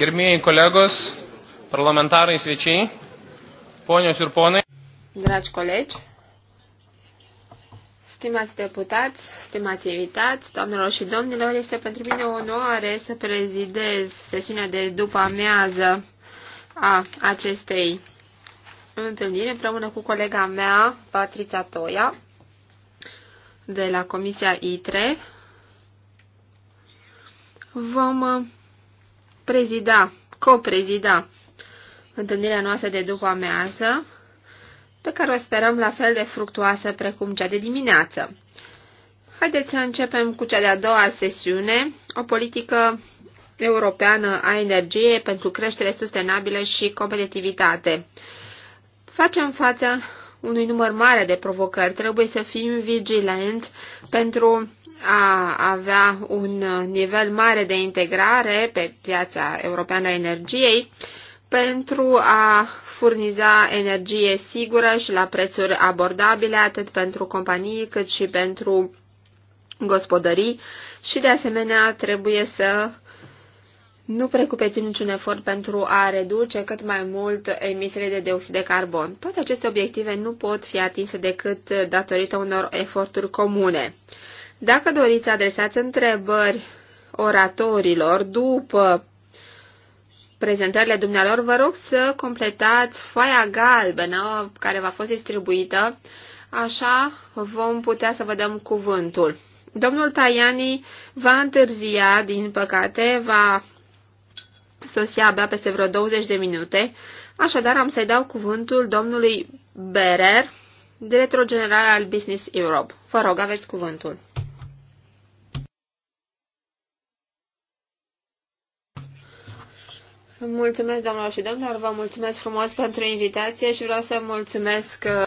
Gerbėjai kolegos, parlamentarai svečiai, ponios ir ponai. Dragi colegi, stimați deputați, stimați invitați, doamnelor și domnilor, este pentru mine o onoare să prezidez sesiunea de după amiază a acestei întâlniri împreună cu colega mea, Patrița Toia, de la Comisia ITRE. Vom prezida, coprezida întâlnirea noastră de după amează, pe care o sperăm la fel de fructuoasă precum cea de dimineață. Haideți să începem cu cea de-a doua sesiune, o politică europeană a energiei pentru creștere sustenabilă și competitivitate. Facem față unui număr mare de provocări. Trebuie să fim vigilent pentru a avea un nivel mare de integrare pe piața europeană a energiei pentru a furniza energie sigură și la prețuri abordabile atât pentru companii cât și pentru gospodării și de asemenea trebuie să nu precupețim niciun efort pentru a reduce cât mai mult emisiile de dioxid de carbon. Toate aceste obiective nu pot fi atinse decât datorită unor eforturi comune. Dacă doriți, adresați întrebări oratorilor după prezentările dumnealor, vă rog să completați foaia galbenă care v-a fost distribuită, așa vom putea să vă dăm cuvântul. Domnul Tajani va întârzia, din păcate, va sosia abia peste vreo 20 de minute, așadar am să-i dau cuvântul domnului Berer, director general al Business Europe. Vă rog, aveți cuvântul. Mulțumesc, domnilor și domnilor, vă mulțumesc frumos pentru invitație și vreau să mulțumesc uh,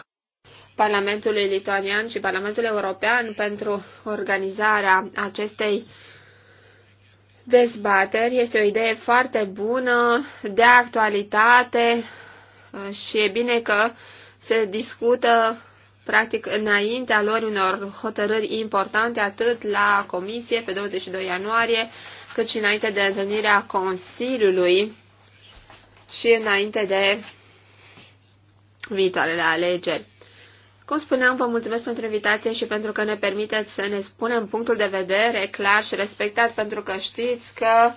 Parlamentului Lituanian și Parlamentul European pentru organizarea acestei dezbateri. Este o idee foarte bună, de actualitate și e bine că se discută practic înaintea lor unor hotărâri importante atât la comisie pe 22 ianuarie, cât și înainte de întâlnirea Consiliului și înainte de viitoarele alegeri. Cum spuneam, vă mulțumesc pentru invitație și pentru că ne permiteți să ne spunem punctul de vedere clar și respectat, pentru că știți că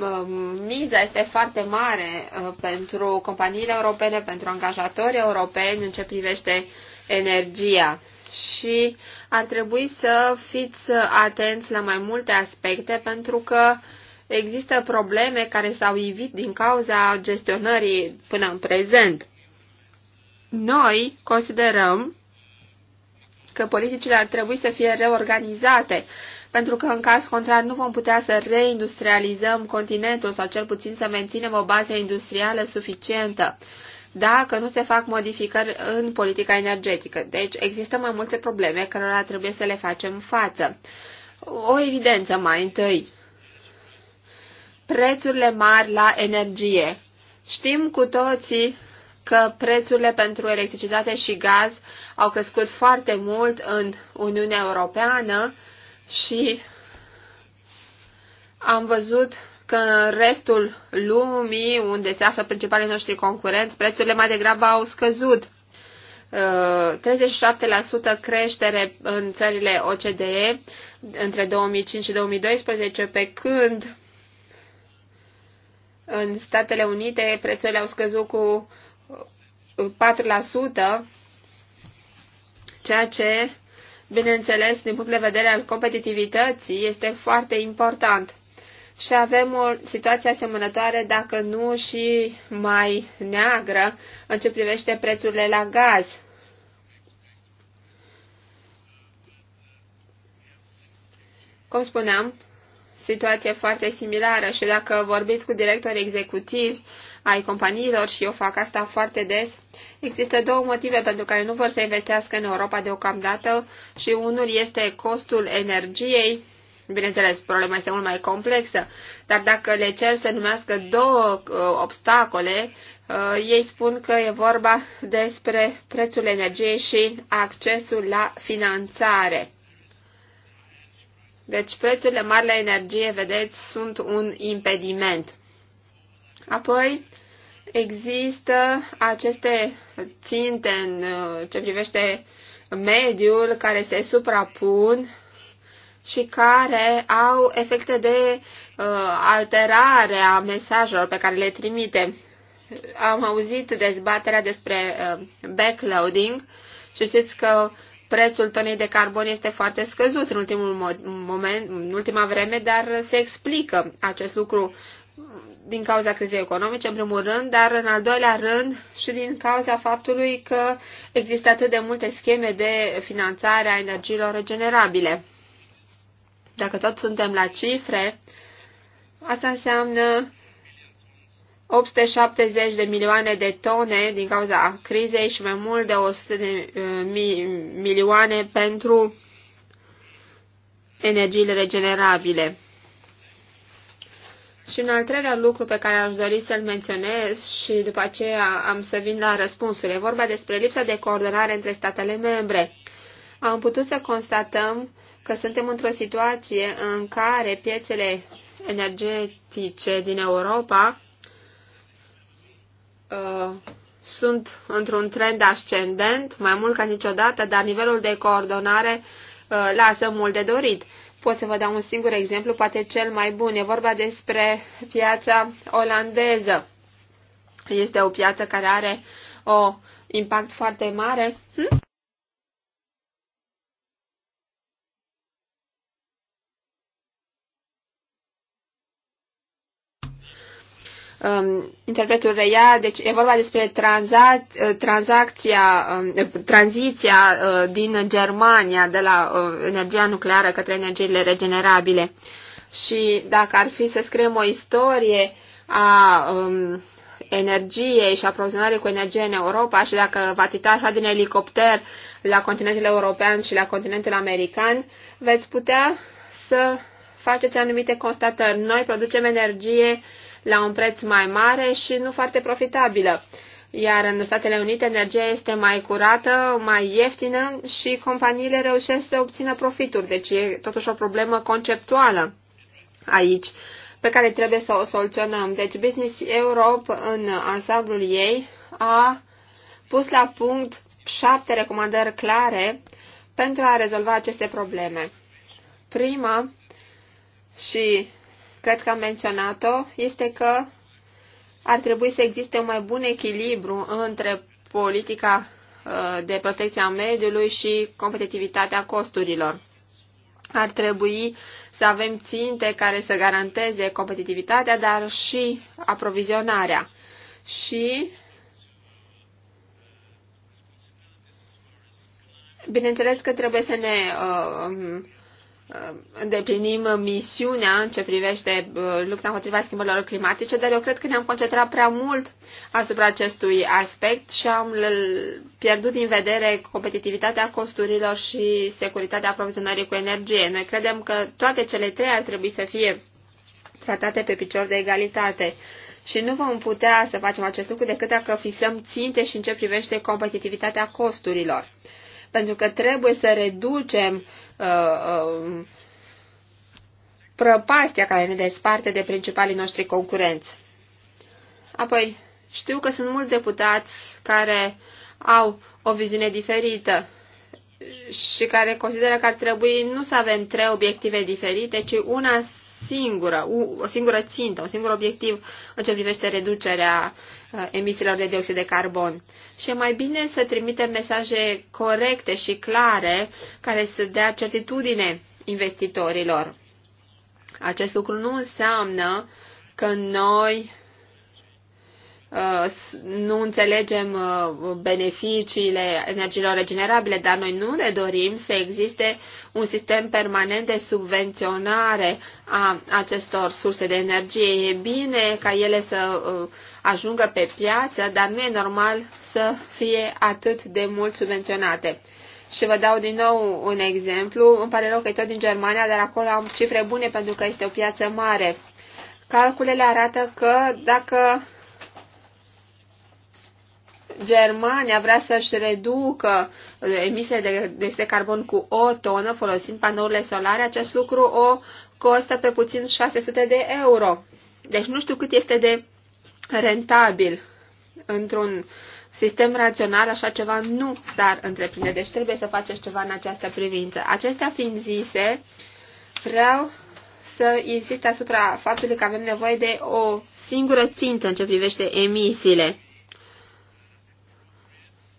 um, miza este foarte mare uh, pentru companiile europene, pentru angajatorii europeni în ce privește energia și ar trebui să fiți atenți la mai multe aspecte pentru că există probleme care s-au ivit din cauza gestionării până în prezent. Noi considerăm că politicile ar trebui să fie reorganizate, pentru că în caz contrar nu vom putea să reindustrializăm continentul sau cel puțin să menținem o bază industrială suficientă dacă nu se fac modificări în politica energetică. Deci există mai multe probleme cărora trebuie să le facem față. O evidență mai întâi. Prețurile mari la energie. Știm cu toții că prețurile pentru electricitate și gaz au crescut foarte mult în Uniunea Europeană și am văzut că în restul lumii, unde se află principalii noștri concurenți, prețurile mai degrabă au scăzut. 37% uh, creștere în țările OCDE între 2005 și 2012, pe când în Statele Unite prețurile au scăzut cu 4%, ceea ce, bineînțeles, din punct de vedere al competitivității, este foarte important. Și avem o situație asemănătoare, dacă nu și mai neagră, în ce privește prețurile la gaz. Cum spuneam, situație foarte similară și dacă vorbiți cu directori executivi ai companiilor, și eu fac asta foarte des, există două motive pentru care nu vor să investească în Europa deocamdată și unul este costul energiei, Bineînțeles, problema este mult mai complexă, dar dacă le cer să numească două uh, obstacole, uh, ei spun că e vorba despre prețul energiei și accesul la finanțare. Deci prețurile mari la energie, vedeți, sunt un impediment. Apoi există aceste ținte în uh, ce privește mediul care se suprapun și care au efecte de uh, alterare a mesajelor pe care le trimite. Am auzit dezbaterea despre uh, backloading și știți că uh, prețul tonei de carbon este foarte scăzut în ultimul moment, în ultima vreme, dar se explică acest lucru din cauza crizei economice, în primul rând, dar în al doilea rând și din cauza faptului că există atât de multe scheme de finanțare a energiilor regenerabile. Dacă tot suntem la cifre, asta înseamnă 870 de milioane de tone din cauza crizei și mai mult de 100 de uh, milioane pentru energiile regenerabile. Și un al treilea lucru pe care aș dori să-l menționez și după aceea am să vin la răspunsuri. E vorba despre lipsa de coordonare între statele membre. Am putut să constatăm că suntem într-o situație în care piețele energetice din Europa Uh, sunt într-un trend ascendent, mai mult ca niciodată, dar nivelul de coordonare uh, lasă mult de dorit. Pot să vă dau un singur exemplu, poate cel mai bun. E vorba despre piața olandeză. Este o piață care are o impact foarte mare. Hm? um, interpretul reia, deci e vorba despre tranza, uh, tranzacția, um, uh, tranziția uh, din Germania de la uh, energia nucleară către energiile regenerabile. Și dacă ar fi să scriem o istorie a um, energiei și aprovizionării cu energie în Europa și dacă v-ați uita așa din elicopter la continentul european și la continentul american, veți putea să faceți anumite constatări. Noi producem energie uh, la un preț mai mare și nu foarte profitabilă. Iar în Statele Unite energia este mai curată, mai ieftină și companiile reușesc să obțină profituri. Deci e totuși o problemă conceptuală aici pe care trebuie să o soluționăm. Deci Business Europe în ansamblul ei a pus la punct șapte recomandări clare pentru a rezolva aceste probleme. Prima și cred că am menționat-o, este că ar trebui să existe un mai bun echilibru între politica uh, de protecție a mediului și competitivitatea costurilor. Ar trebui să avem ținte care să garanteze competitivitatea, dar și aprovizionarea. Și, bineînțeles că trebuie să ne uh, Uh, îndeplinim misiunea în ce privește uh, lupta împotriva schimbărilor climatice, dar eu cred că ne-am concentrat prea mult asupra acestui aspect și am pierdut din vedere competitivitatea costurilor și securitatea aprovizionării cu energie. Noi credem că toate cele trei ar trebui să fie tratate pe picior de egalitate și nu vom putea să facem acest lucru decât dacă fixăm ținte și în ce privește competitivitatea costurilor. Pentru că trebuie să reducem uh, prăpastia care ne desparte de principalii noștri concurenți. Apoi, știu că sunt mulți deputați care au o viziune diferită și care consideră că ar trebui nu să avem trei obiective diferite, ci una singură, o singură țintă, un singur obiectiv în ce privește reducerea uh, emisiilor de dioxid de carbon. Și e mai bine să trimitem mesaje corecte și clare care să dea certitudine investitorilor. Acest lucru nu înseamnă că noi Uh, nu înțelegem uh, beneficiile energiilor regenerabile, dar noi nu ne dorim să existe un sistem permanent de subvenționare a acestor surse de energie. E bine ca ele să uh, ajungă pe piață, dar nu e normal să fie atât de mult subvenționate. Și vă dau din nou un exemplu. Îmi pare rău că e tot din Germania, dar acolo am cifre bune pentru că este o piață mare. Calculele arată că dacă Germania vrea să-și reducă emisiile de dioxid de carbon cu o tonă folosind panourile solare, acest lucru o costă pe puțin 600 de euro. Deci nu știu cât este de rentabil într-un sistem rațional, așa ceva nu s-ar întreprinde. Deci trebuie să faceți ceva în această privință. Acestea fiind zise, vreau să insist asupra faptului că avem nevoie de o singură țintă în ce privește emisiile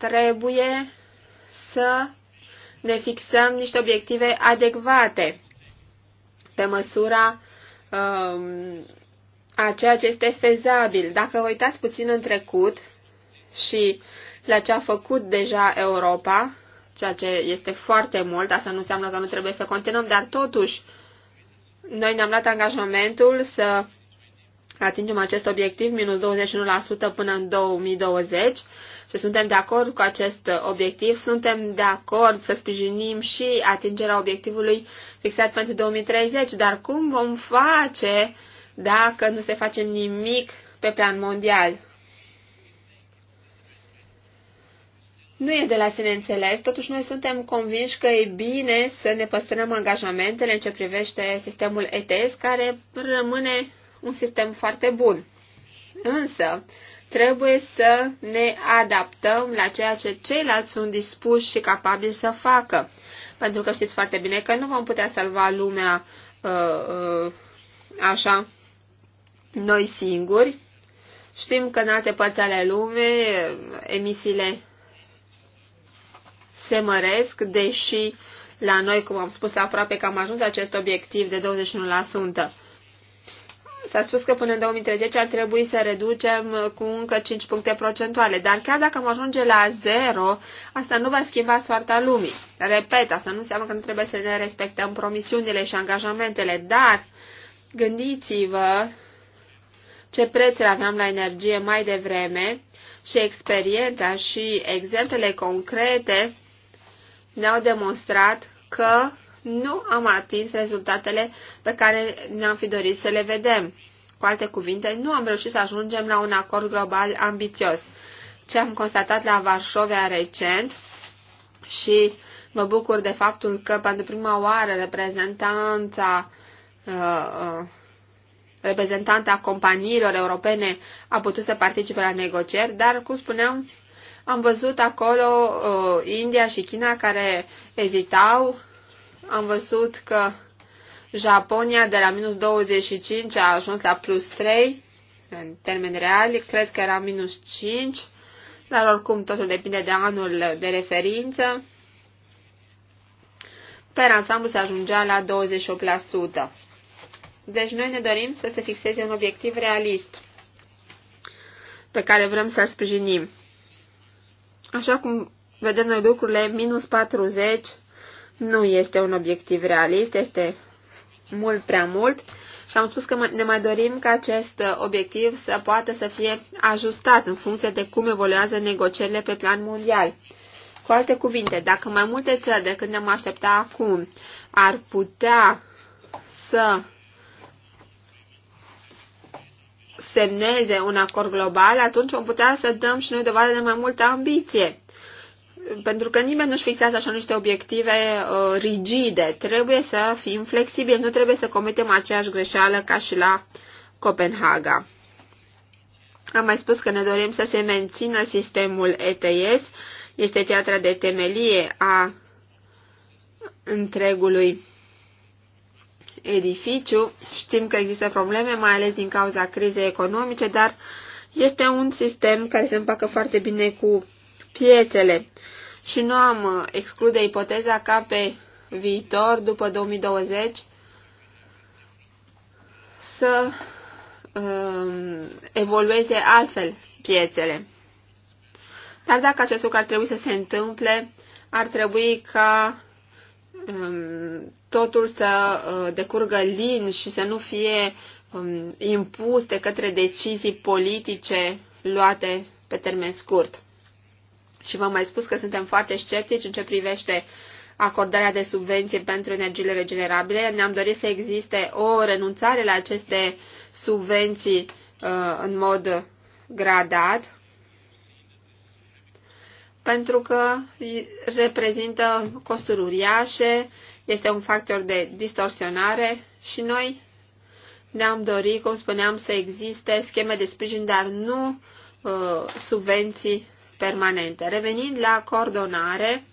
trebuie să ne fixăm niște obiective adecvate pe măsura um, a ceea ce este fezabil. Dacă vă uitați puțin în trecut și la ce a făcut deja Europa, ceea ce este foarte mult, asta nu înseamnă că nu trebuie să continuăm, dar totuși noi ne-am luat angajamentul să atingem acest obiectiv, minus 21% până în 2020 și suntem de acord cu acest obiectiv, suntem de acord să sprijinim și atingerea obiectivului fixat pentru 2030, dar cum vom face dacă nu se face nimic pe plan mondial? Nu e de la sine înțeles, totuși noi suntem convinși că e bine să ne păstrăm angajamentele în ce privește sistemul ETS, care rămâne un sistem foarte bun. Însă, trebuie să ne adaptăm la ceea ce ceilalți sunt dispuși și capabili să facă. Pentru că știți foarte bine că nu vom putea salva lumea uh, uh, așa noi singuri. Știm că în alte părți ale lume uh, emisiile se măresc, deși la noi, cum am spus, aproape că am ajuns acest obiectiv de 21%. S-a spus că până în 2030 ar trebui să reducem cu încă 5 puncte procentuale, dar chiar dacă am ajunge la zero, asta nu va schimba soarta lumii. Repet, asta nu înseamnă că nu trebuie să ne respectăm promisiunile și angajamentele, dar gândiți-vă ce prețuri aveam la energie mai devreme și experiența și exemplele concrete ne-au demonstrat că nu am atins rezultatele pe care ne-am fi dorit să le vedem. Cu alte cuvinte, nu am reușit să ajungem la un acord global ambițios. Ce am constatat la Varșovia recent și mă bucur de faptul că pentru prima oară reprezentanța uh, uh reprezentanta companiilor europene a putut să participe la negocieri, dar, cum spuneam, am văzut acolo uh, India și China care ezitau, am văzut că Japonia de la minus 25 a ajuns la plus 3 în termeni reali, cred că era minus 5, dar oricum totul depinde de anul de referință. Pe ansamblu se ajungea la 28%. Deci noi ne dorim să se fixeze un obiectiv realist pe care vrem să-l sprijinim. Așa cum vedem noi lucrurile, minus 40 nu este un obiectiv realist, este mult prea mult și am spus că ne mai dorim ca acest uh, obiectiv să poată să fie ajustat în funcție de cum evoluează negocierile pe plan mondial. Cu alte cuvinte, dacă mai multe țări decât ne-am aștepta acum ar putea să semneze un acord global, atunci vom putea să dăm și noi dovadă de mai multă ambiție pentru că nimeni nu-și fixează așa niște obiective uh, rigide. Trebuie să fim flexibili, nu trebuie să comitem aceeași greșeală ca și la Copenhaga. Am mai spus că ne dorim să se mențină sistemul ETS, este piatra de temelie a întregului edificiu. Știm că există probleme, mai ales din cauza crizei economice, dar este un sistem care se împacă foarte bine cu piețele și nu am uh, exclude ipoteza ca pe viitor, după 2020, să um, evolueze altfel piețele. Dar dacă acest lucru ar trebui să se întâmple, ar trebui ca um, totul să uh, decurgă lin și să nu fie um, impus de către decizii politice luate pe termen scurt și v-am mai spus că suntem foarte sceptici în ce privește acordarea de subvenții pentru energiile regenerabile. Ne-am dorit să existe o renunțare la aceste subvenții uh, în mod gradat, pentru că reprezintă costuri uriașe, este un factor de distorsionare și noi ne-am dorit, cum spuneam, să existe scheme de sprijin, dar nu uh, subvenții permanente. Revenind la coordonare,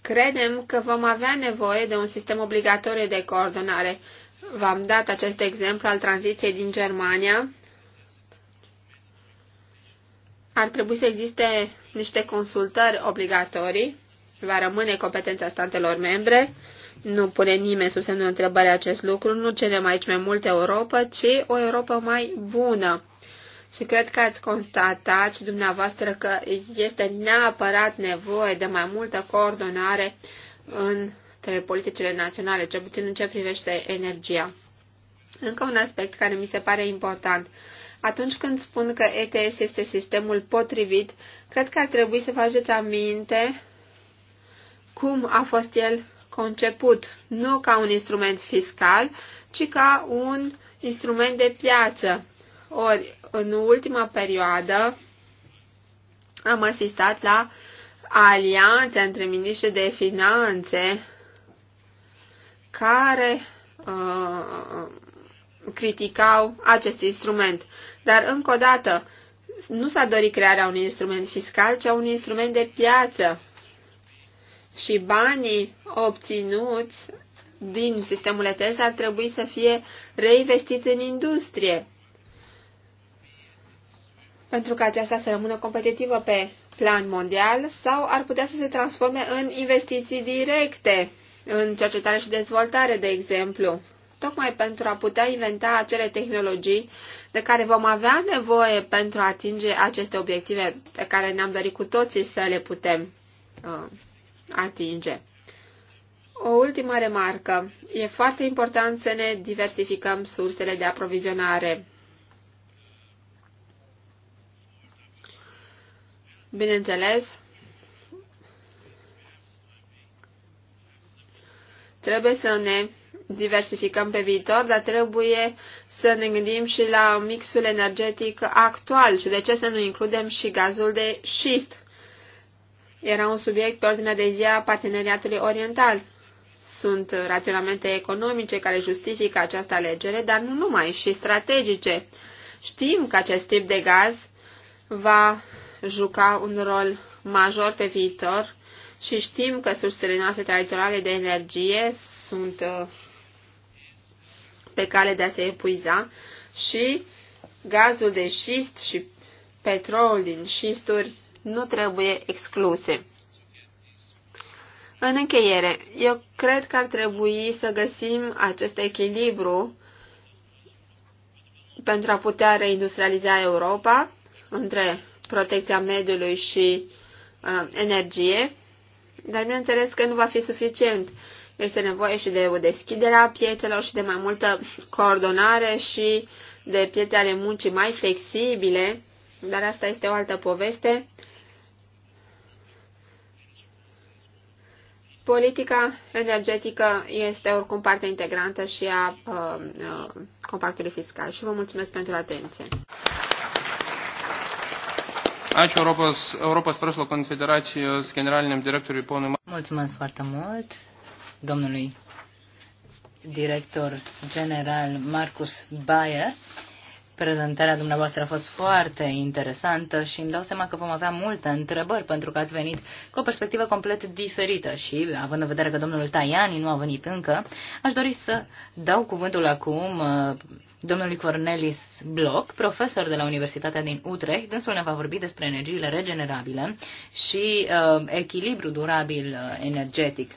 credem că vom avea nevoie de un sistem obligatoriu de coordonare. V-am dat acest exemplu al tranziției din Germania. Ar trebui să existe niște consultări obligatorii. Va rămâne competența statelor membre. Nu pune nimeni sub semnul întrebării acest lucru. Nu cerem aici mai multă Europa, ci o Europa mai bună și cred că ați constatat și dumneavoastră că este neapărat nevoie de mai multă coordonare între politicile naționale, cel puțin în ce privește energia. Încă un aspect care mi se pare important. Atunci când spun că ETS este sistemul potrivit, cred că ar trebui să faceți aminte cum a fost el conceput, nu ca un instrument fiscal, ci ca un instrument de piață. Ori, în ultima perioadă am asistat la alianțe între miniștri de finanțe care uh, criticau acest instrument. Dar, încă o dată, nu s-a dorit crearea unui instrument fiscal, ci a unui instrument de piață. Și banii obținuți din sistemul ETS ar trebui să fie reinvestiți în industrie pentru ca aceasta să rămână competitivă pe plan mondial sau ar putea să se transforme în investiții directe, în cercetare și dezvoltare, de exemplu, tocmai pentru a putea inventa acele tehnologii de care vom avea nevoie pentru a atinge aceste obiective pe care ne-am dorit cu toții să le putem uh, atinge. O ultimă remarcă. E foarte important să ne diversificăm sursele de aprovizionare Bineînțeles, trebuie să ne diversificăm pe viitor, dar trebuie să ne gândim și la mixul energetic actual și de ce să nu includem și gazul de șist. Era un subiect pe ordinea de zi a parteneriatului oriental. Sunt raționamente economice care justifică această alegere, dar nu numai, și strategice. Știm că acest tip de gaz va juca un rol major pe viitor și știm că sursele noastre tradiționale de energie sunt uh, pe cale de a se epuiza și gazul de șist și petrolul din șisturi nu trebuie excluse. În încheiere, eu cred că ar trebui să găsim acest echilibru pentru a putea reindustrializa Europa între protecția mediului și uh, energie, dar bineînțeles că nu va fi suficient. Este nevoie și de o deschidere a piețelor și de mai multă coordonare și de piețe ale muncii mai flexibile, dar asta este o altă poveste. Politica energetică este oricum parte integrantă și a uh, uh, compactului fiscal și vă mulțumesc pentru atenție. Ačiū Europos, Europos verslo konfederacijos generaliniam direktoriui ponui. Mulțumesc foarte mult domnului director general Marcus Bayer. Prezentarea dumneavoastră a fost foarte interesantă și îmi dau seama că vom avea multe întrebări pentru că ați venit cu o perspectivă complet diferită și, având în vedere că domnul Taiani nu a venit încă, aș dori să dau cuvântul acum uh, domnului Cornelis Bloch, profesor de la Universitatea din Utrecht. Dânsul ne va vorbi despre energiile regenerabile și uh, echilibru durabil uh, energetic.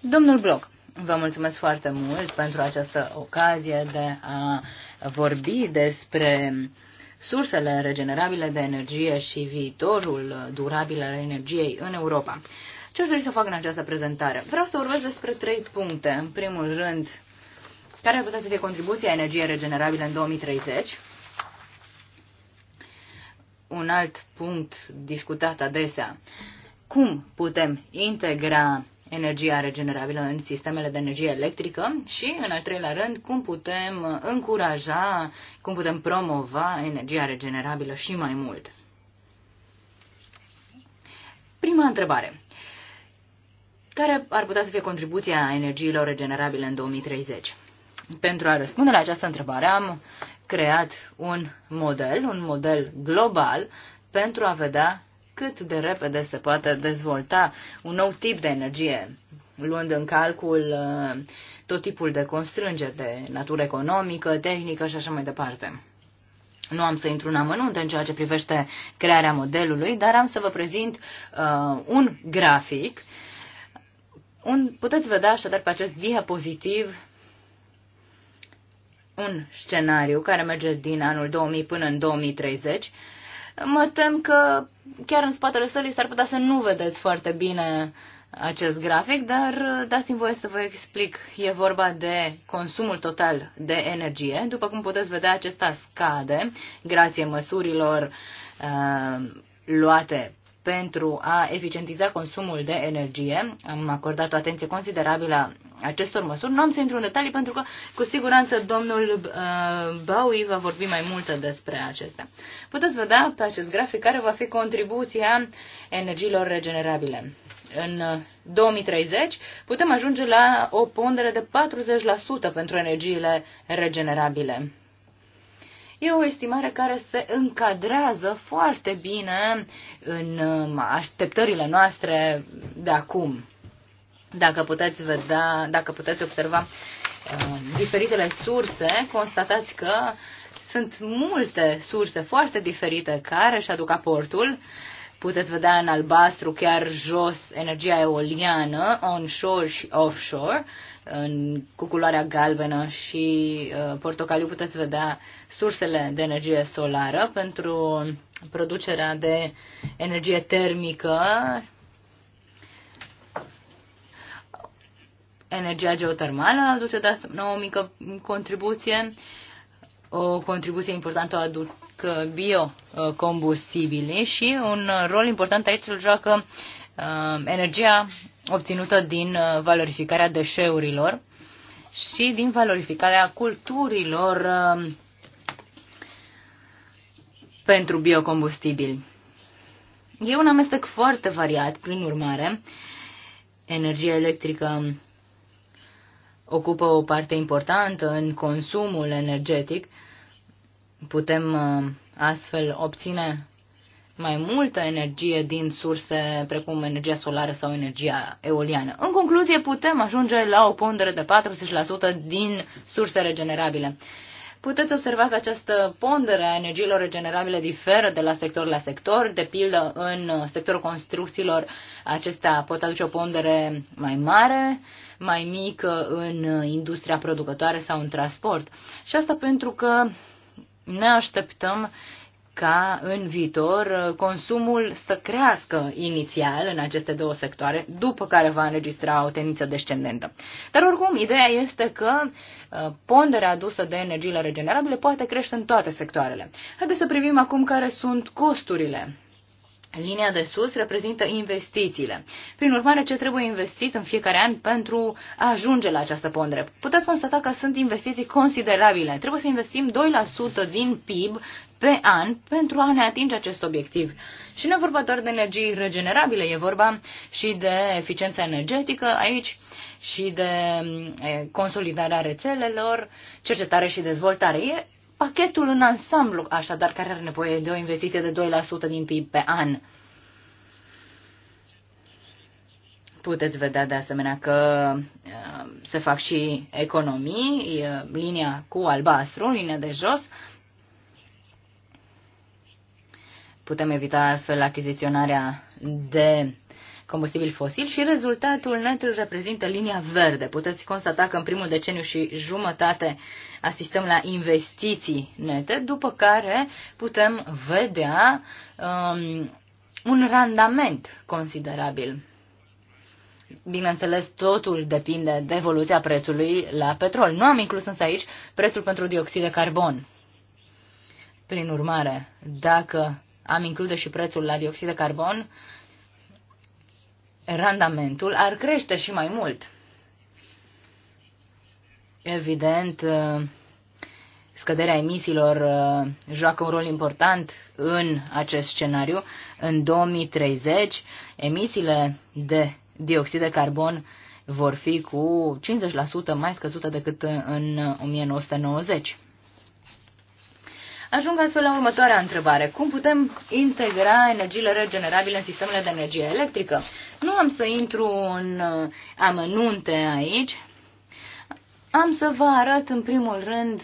Domnul Bloch, vă mulțumesc foarte mult pentru această ocazie de a uh, vorbi despre sursele regenerabile de energie și viitorul durabil al energiei în Europa. Ce aș dori să fac în această prezentare? Vreau să vorbesc despre trei puncte. În primul rând, care ar putea să fie contribuția energiei regenerabile în 2030? Un alt punct discutat adesea. Cum putem integra energia regenerabilă în sistemele de energie electrică și, în al treilea rând, cum putem încuraja, cum putem promova energia regenerabilă și mai mult. Prima întrebare. Care ar putea să fie contribuția energiilor regenerabile în 2030? Pentru a răspunde la această întrebare am creat un model, un model global pentru a vedea cât de repede se poate dezvolta un nou tip de energie, luând în calcul uh, tot tipul de constrângeri de natură economică, tehnică și așa mai departe. Nu am să intru în amănunte în ceea ce privește crearea modelului, dar am să vă prezint uh, un grafic. Un, puteți vedea așadar pe acest diapozitiv un scenariu care merge din anul 2000 până în 2030. Mă tem că chiar în spatele sălii s-ar putea să nu vedeți foarte bine acest grafic, dar uh, dați-mi voie să vă explic. E vorba de consumul total de energie. După cum puteți vedea, acesta scade grație măsurilor uh, luate pentru a eficientiza consumul de energie. Am acordat o atenție considerabilă acestor măsuri. Nu am să intru în detalii pentru că cu siguranță domnul uh, Bowie va vorbi mai multe despre acestea. Puteți vedea pe acest grafic care va fi contribuția energiilor regenerabile. În 2030 uh, putem ajunge la o pondere de 40% pentru energiile regenerabile. E o estimare care se încadrează foarte bine în uh, așteptările noastre de acum. Dacă puteți vedea, dacă puteți observa uh, diferitele surse, constatați că sunt multe surse foarte diferite care își aduc aportul. Puteți vedea în albastru chiar jos energia eoliană, onshore și offshore, în, cu culoarea galbenă și uh, portocaliu puteți vedea sursele de energie solară pentru producerea de energie termică, energia geotermală aduce de asemenea o mică contribuție, o contribuție importantă o aduc uh, biocombustibilii uh, și un uh, rol important aici îl joacă energia obținută din uh, valorificarea deșeurilor și din valorificarea culturilor um, pentru biocombustibili. E un amestec foarte variat, prin urmare, energia electrică ocupă o parte importantă în consumul energetic. Putem uh, astfel obține mai multă energie din surse precum energia solară sau energia eoliană. În concluzie, putem ajunge la o pondere de 40% din surse regenerabile. Puteți observa că această pondere a energiilor regenerabile diferă de la sector la sector. De pildă, în sectorul construcțiilor, acestea pot aduce o pondere mai mare, mai mică în industria producătoare sau în transport. Și asta pentru că ne așteptăm uh, ca în viitor uh, consumul să crească inițial în aceste două sectoare, după care va înregistra o tendință descendentă. Dar oricum, ideea este că uh, ponderea adusă de energiile regenerabile poate crește în toate sectoarele. Haideți să privim acum care sunt costurile Linia de sus reprezintă investițiile. Prin urmare, ce trebuie investit în fiecare an pentru a ajunge la această pondere? Puteți constata că sunt investiții considerabile. Trebuie să investim 2% din PIB pe an pentru a ne atinge acest obiectiv. Și nu e vorba doar de energii regenerabile, e vorba și de eficiența energetică aici și de mm, consolidarea rețelelor, cercetare și dezvoltare. E pachetul în ansamblu, așadar, care are nevoie de o investiție de 2% din PIB pe an. Puteți vedea de asemenea că uh, se fac și economii, linia cu albastru, linia de jos. Putem evita astfel achiziționarea de combustibil fosil și rezultatul net îl reprezintă linia verde. Puteți constata că în primul deceniu și jumătate asistăm la investiții nete, după care putem vedea um, un randament considerabil. Bineînțeles, totul depinde de evoluția prețului la petrol. Nu am inclus însă aici prețul pentru dioxid de carbon. Prin urmare, dacă am include și prețul la dioxid de carbon, randamentul ar crește și mai mult. Evident, uh, scăderea emisiilor uh, joacă un rol important în acest scenariu. În 2030, emisiile de dioxid de carbon vor fi cu 50% mai scăzute decât în 1990. Uh, Ajung astfel la următoarea întrebare. Cum putem integra energiile regenerabile în sistemele de energie electrică? Nu am să intru în uh, amănunte aici. Am să vă arăt în primul rând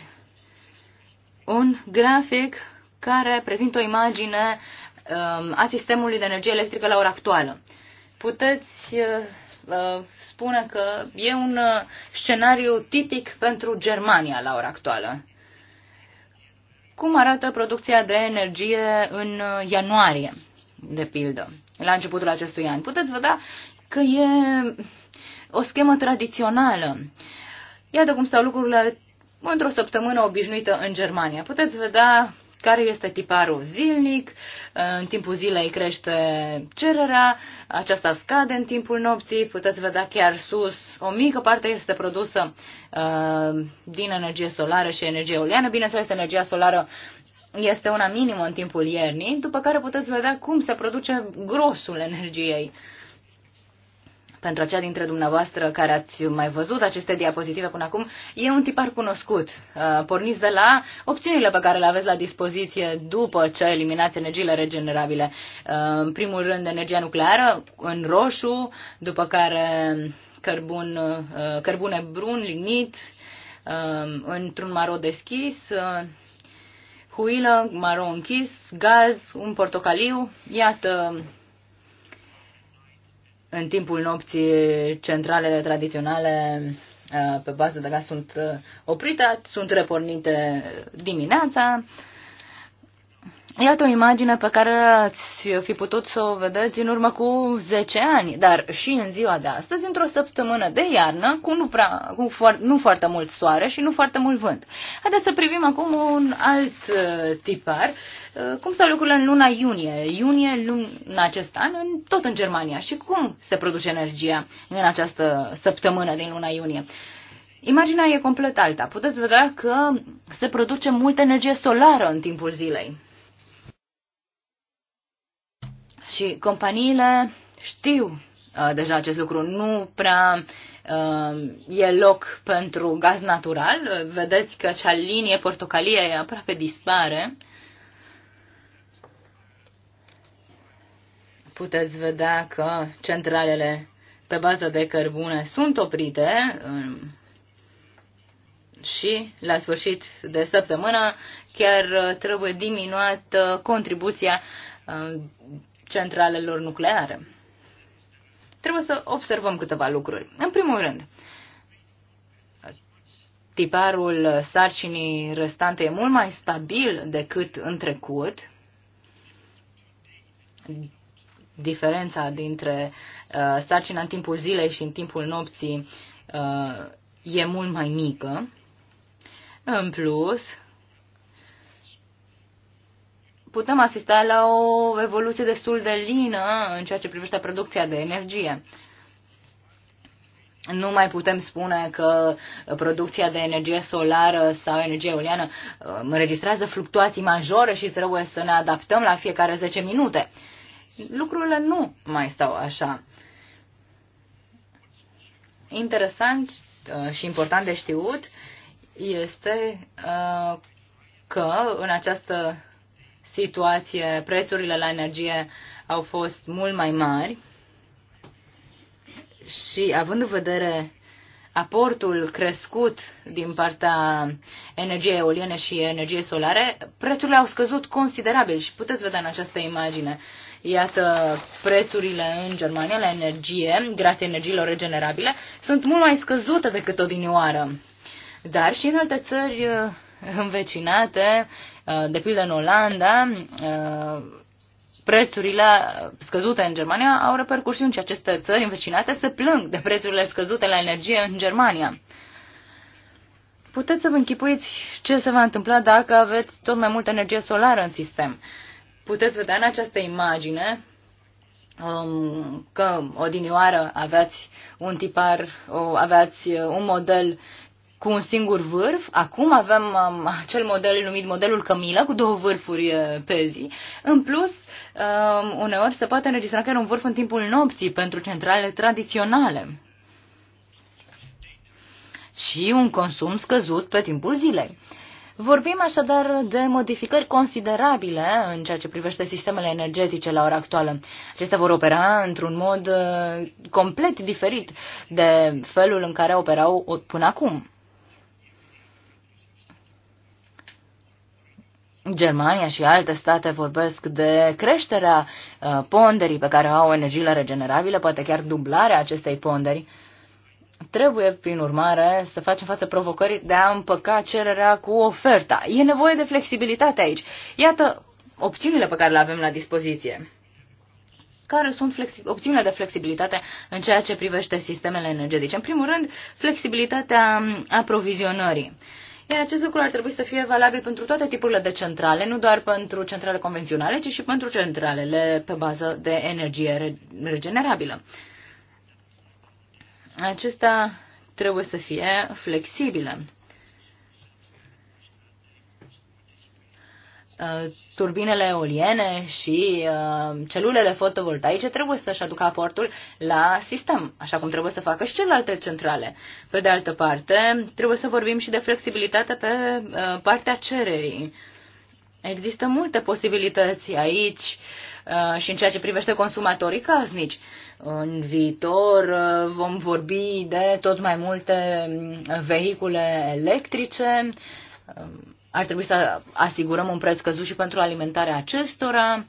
un grafic care prezintă o imagine um, a sistemului de energie electrică la ora actuală. Puteți uh, uh, spune că e un scenariu tipic pentru Germania la ora actuală. Cum arată producția de energie în uh, ianuarie, de pildă, la începutul acestui an? Puteți vedea că e o schemă tradițională. Iată cum stau lucrurile într-o săptămână obișnuită în Germania. Puteți vedea care este tiparul zilnic, în timpul zilei crește cererea, aceasta scade în timpul nopții, puteți vedea chiar sus, o mică parte este produsă uh, din energie solară și energie eoliană, bineînțeles energia solară este una minimă în timpul iernii, după care puteți vedea cum se produce grosul energiei. Uh, pentru aceia dintre dumneavoastră care ați mai văzut aceste diapozitive până acum, e un tipar cunoscut. Uh, porniți de la opțiunile pe care le aveți la dispoziție după ce eliminați energiile regenerabile. Uh, în primul rând, energia nucleară în roșu, după care cărbun, uh, cărbune brun, lignit, într-un maro deschis, huilă, maro închis, gaz, un portocaliu. Iată în timpul nopții, centralele tradiționale uh, pe bază de gaz sunt uh, oprite, sunt repornite dimineața. Iată o imagine pe care ați fi putut să o vedeți în urmă cu 10 ani, dar și în ziua de astăzi, într-o săptămână de iarnă, cu, nu, prea, cu foar, nu foarte mult soare și nu foarte mult vânt. Haideți să privim acum un alt uh, tipar. Uh, cum stau lucrurile în luna iunie? Iunie, luna acest an, în, tot în Germania. Și cum se produce energia în această săptămână din luna iunie? Imaginea e complet alta. Puteți vedea că se produce multă energie solară în timpul zilei și companiile știu uh, deja acest lucru. Nu prea uh, e loc pentru gaz natural. Vedeți că acea linie portocalie aproape dispare. Puteți vedea că centralele pe bază de cărbune sunt oprite um, și la sfârșit de săptămână chiar uh, trebuie diminuată contribuția uh, centralelor nucleare. Trebuie să observăm câteva lucruri. În primul rând, tiparul sarcinii restante e mult mai stabil decât în trecut. Diferența dintre uh, sarcina în timpul zilei și în timpul nopții uh, e mult mai mică. În plus, putem asista la o evoluție destul de lină în ceea ce privește producția de energie. Nu mai putem spune că producția de energie solară sau energie eoliană um, înregistrează fluctuații majore și trebuie să ne adaptăm la fiecare 10 minute. Lucrurile nu mai stau așa. Interesant uh, și important de știut este uh, că în această situație, prețurile la energie au fost mult mai mari și având în vedere aportul crescut din partea energiei eoliene și energiei solare, prețurile au scăzut considerabil și puteți vedea în această imagine. Iată, prețurile în Germania la energie, grație energiilor regenerabile, sunt mult mai scăzute decât odinioară. Dar și în alte țări uh, învecinate, Uh, de pildă în Olanda, uh, prețurile scăzute în Germania au repercursiuni și aceste țări învecinate se plâng de prețurile scăzute la energie în Germania. Puteți să vă închipuiți ce se va întâmpla dacă aveți tot mai multă energie solară în sistem. Puteți vedea în această imagine um, că odinioară aveați un tipar, o, aveați un model cu un singur vârf. Acum avem um, acel model numit modelul Camila, cu două vârfuri uh, pe zi. În plus, um, uneori se poate înregistra chiar un vârf în timpul nopții pentru centrale tradiționale. Și un consum scăzut pe timpul zilei. Vorbim așadar de modificări considerabile în ceea ce privește sistemele energetice la ora actuală. Acestea vor opera într-un mod uh, complet diferit de felul în care operau până acum. Germania și alte state vorbesc de creșterea uh, ponderii pe care o au energiile regenerabile, poate chiar dublarea acestei ponderi. Trebuie, prin urmare, să facem față provocării de a împăca cererea cu oferta. E nevoie de flexibilitate aici. Iată opțiunile pe care le avem la dispoziție. Care sunt opțiunile de flexibilitate în ceea ce privește sistemele energetice? În primul rând, flexibilitatea um, aprovizionării. Uh, iar acest lucru ar trebui să fie valabil pentru toate tipurile de centrale, nu doar pentru centrale convenționale, ci și pentru centralele pe bază de energie regenerabilă. Acestea trebuie să fie flexibile. Uh, turbinele eoliene și uh, celulele fotovoltaice trebuie să-și aducă aportul la sistem, așa cum trebuie să facă și celelalte centrale. Pe de altă parte, trebuie să vorbim și de flexibilitate pe uh, partea cererii. Există multe posibilități aici și în ceea ce privește consumatorii casnici. În viitor vom vorbi de tot mai multe vehicule electrice, ar trebui să asigurăm un preț căzut și pentru alimentarea acestora.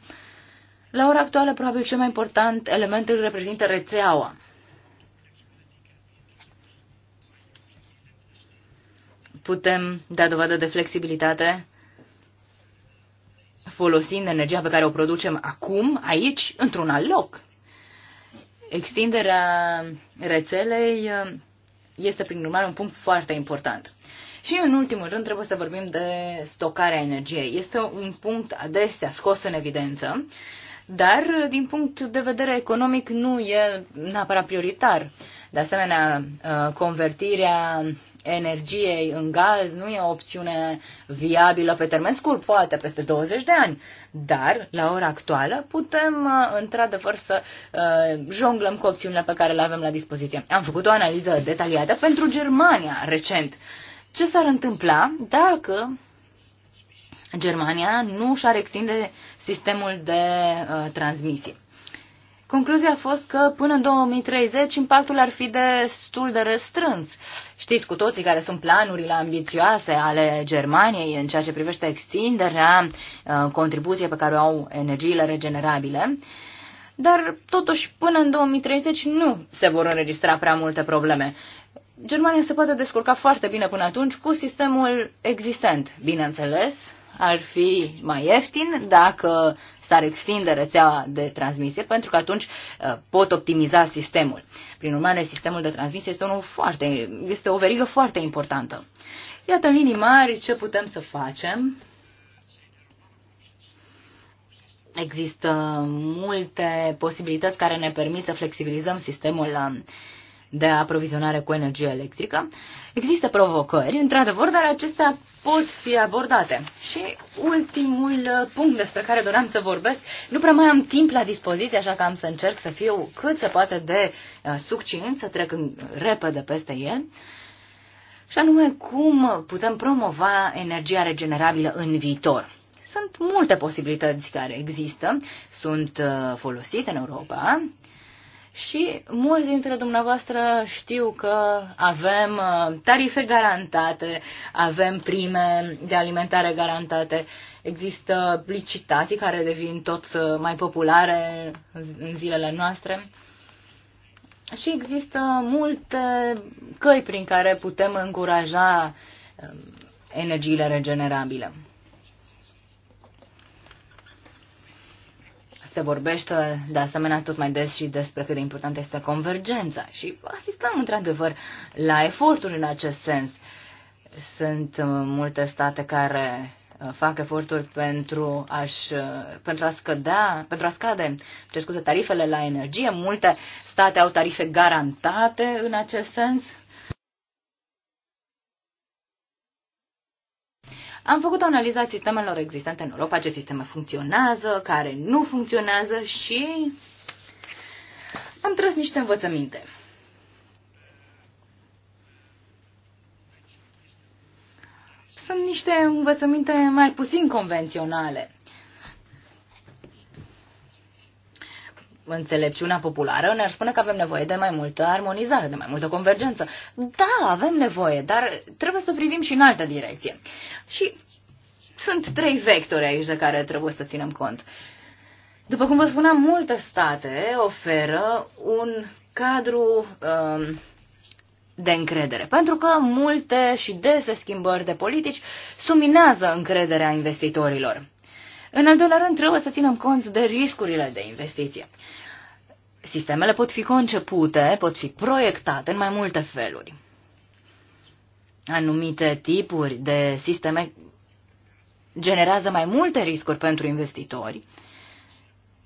La ora actuală, probabil cel mai important element îl reprezintă rețeaua. Putem da dovadă de flexibilitate folosind energia pe care o producem acum, aici, într-un alt loc. Extinderea rețelei este, prin urmare, un punct foarte important. Și în ultimul rând trebuie să vorbim de stocarea energiei. Este un punct adesea scos în evidență, dar din punct de vedere economic nu e neapărat prioritar. De asemenea, uh, convertirea energiei în gaz nu e o opțiune viabilă pe termen scurt, poate peste 20 de ani, dar la ora actuală putem uh, într-adevăr să uh, jonglăm cu opțiunile pe care le avem la dispoziție. Am făcut o analiză detaliată pentru Germania recent ce s-ar întâmpla dacă Germania nu și-ar extinde sistemul de uh, transmisie. Concluzia a fost că până în 2030 impactul ar fi destul de restrâns. Știți cu toții care sunt planurile ambițioase ale Germaniei în ceea ce privește extinderea uh, contribuției pe care o au energiile regenerabile. Dar totuși până în 2030 nu se vor înregistra prea multe probleme. Germania se poate descurca foarte bine până atunci cu sistemul existent. Bineînțeles, ar fi mai ieftin dacă s-ar extinde rețeaua de transmisie, pentru că atunci uh, pot optimiza sistemul. Prin urmare, sistemul de transmisie este, unul foarte, este o verigă foarte importantă. Iată în linii mari ce putem să facem. Există multe posibilități care ne permit să flexibilizăm sistemul uh, de aprovizionare cu energie electrică. Există provocări, într-adevăr, dar acestea pot fi abordate. Și ultimul uh, punct despre care doream să vorbesc, nu prea mai am timp la dispoziție, așa că am să încerc să fiu cât se poate de uh, succint, să trec în, repede peste el. Și anume, cum putem promova energia regenerabilă în viitor? Sunt multe posibilități care există, sunt uh, folosite în Europa, și mulți dintre dumneavoastră știu că avem uh, tarife garantate, avem prime de alimentare garantate, există licitații care devin tot uh, mai populare în zilele noastre și există multe căi prin care putem încuraja um, energiile regenerabile. Se vorbește de asemenea tot mai des și despre cât de importantă este convergența și asistăm într-adevăr la eforturi în acest sens. Sunt uh, multe state care uh, fac eforturi pentru, aș, uh, pentru a scădea, pentru a scade, scuze, tarifele la energie. Multe state au tarife garantate în acest sens. Am făcut o analiză a sistemelor existente în Europa, ce sisteme funcționează, care nu funcționează și am tras niște învățăminte. Sunt niște învățăminte mai puțin convenționale. înțelepciunea populară ne-ar spune că avem nevoie de mai multă armonizare, de mai multă convergență. Da, avem nevoie, dar trebuie să privim și în altă direcție. Și sunt trei vectori aici de care trebuie să ținem cont. După cum vă spuneam, multe state oferă un cadru um, de încredere, pentru că multe și dese schimbări de politici suminează încrederea investitorilor. În al doilea rând, trebuie să ținem cont de riscurile de investiție. Sistemele pot fi concepute, pot fi proiectate în mai multe feluri. Anumite tipuri de sisteme generează mai multe riscuri pentru investitori.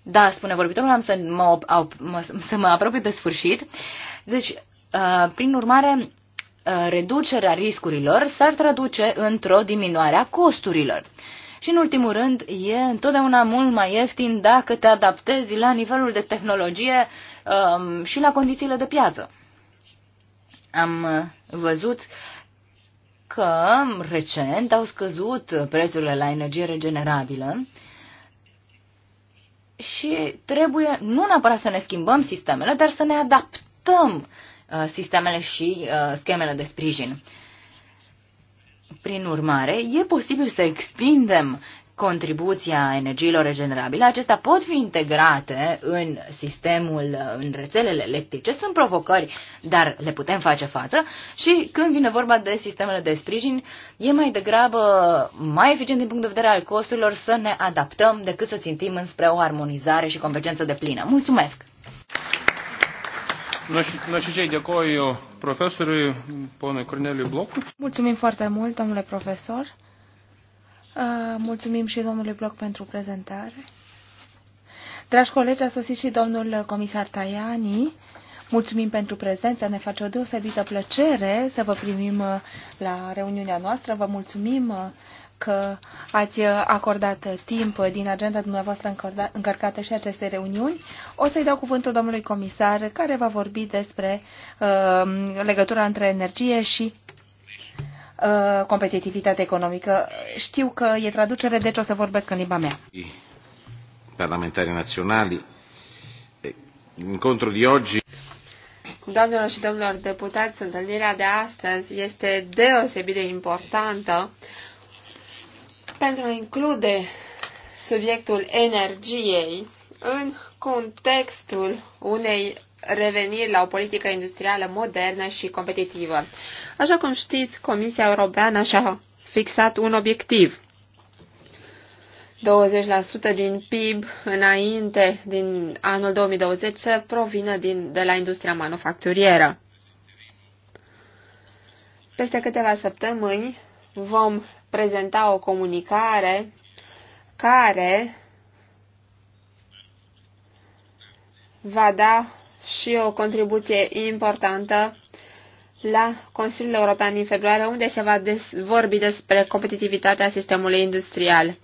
Da, spune vorbitorul, am să mă, op, mă, să mă apropii de sfârșit. Deci, uh, prin urmare, uh, reducerea riscurilor s-ar traduce într-o diminuare a costurilor. Uh, și în ultimul rând, e întotdeauna mult mai ieftin dacă te adaptezi la nivelul de tehnologie um, și la condițiile de piață. Am văzut că recent au scăzut prețurile la energie regenerabilă și trebuie nu neapărat să ne schimbăm sistemele, dar să ne adaptăm uh, sistemele și uh, schemele de sprijin. Uh, prin urmare, e posibil să extindem contribuția energiilor regenerabile. Acestea pot fi integrate în sistemul, în rețelele electrice. Sunt provocări, dar le putem face față. Și când vine vorba de sistemele de sprijin, e mai degrabă mai eficient din punct de vedere al costurilor să ne adaptăm decât să țintim înspre o armonizare și convergență de plină. Mulțumesc! Nuoširdžiai dėkoju profesoriui, ponui Corneliu Blocu. Mulțumim foarte mult, domnule profesor. Uh, mulțumim și domnului Bloc pentru prezentare. Dragi colegi, a sosit și domnul comisar Tajani. Mulțumim pentru prezență, ne face o deosebită plăcere să vă primim uh, la reuniunea noastră. Vă mulțumim uh, că ați acordat timp din agenda dumneavoastră încărcată și aceste reuniuni. O să-i dau cuvântul domnului comisar care va vorbi despre uh, legătura între energie și uh, competitivitate economică. Știu că e traducere, deci o să vorbesc în limba mea. Parlamentari naționali, încontrul de oggi... Doamnelor și domnilor deputați, întâlnirea de astăzi este deosebit de importantă pentru a include subiectul energiei în contextul unei reveniri la o politică industrială modernă și competitivă. Așa cum știți, Comisia Europeană și-a fixat un obiectiv. 20% din PIB înainte din anul 2020 să provină din, de la industria manufacturieră. Peste câteva săptămâni vom prezenta o comunicare care va da și o contribuție importantă la Consiliul European din februarie, unde se va des vorbi despre competitivitatea sistemului industrial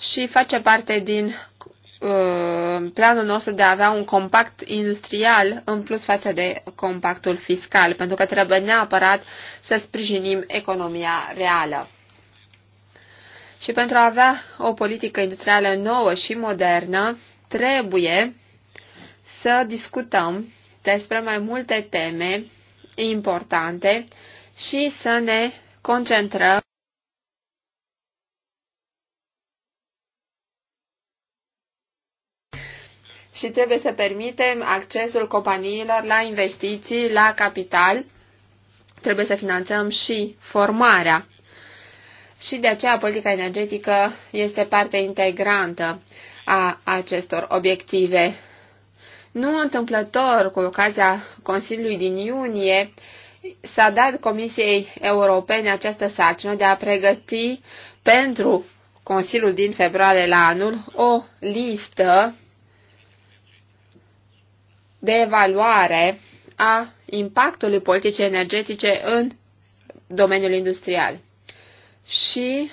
și face parte din uh, planul nostru de a avea un compact industrial în plus față de compactul fiscal, pentru că trebuie neapărat să sprijinim economia reală. Și pentru a avea o politică industrială nouă și modernă, trebuie să discutăm despre mai multe teme importante și să ne concentrăm și trebuie să permitem accesul companiilor la investiții, la capital. Trebuie să finanțăm și formarea și de aceea politica energetică este parte integrantă a acestor obiective. Nu întâmplător, cu ocazia Consiliului din iunie, s-a dat Comisiei Europene această sarcină de a pregăti pentru Consiliul din februarie la anul o listă de evaluare a impactului politicii energetice în domeniul industrial și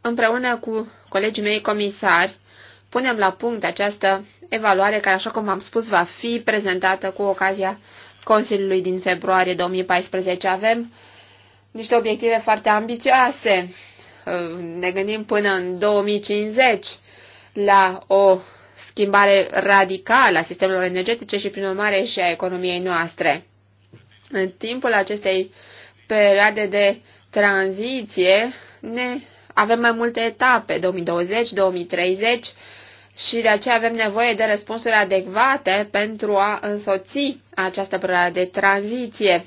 împreună cu colegii mei comisari punem la punct această evaluare care, așa cum am spus, va fi prezentată cu ocazia Consiliului din februarie 2014. Avem niște obiective foarte ambițioase. Ne gândim până în 2050 la o schimbare radicală a sistemelor energetice și, prin urmare, și a economiei noastre. În timpul acestei perioade de tranziție, ne avem mai multe etape, 2020, 2030, și de aceea avem nevoie de răspunsuri adecvate pentru a însoți această perioadă de tranziție.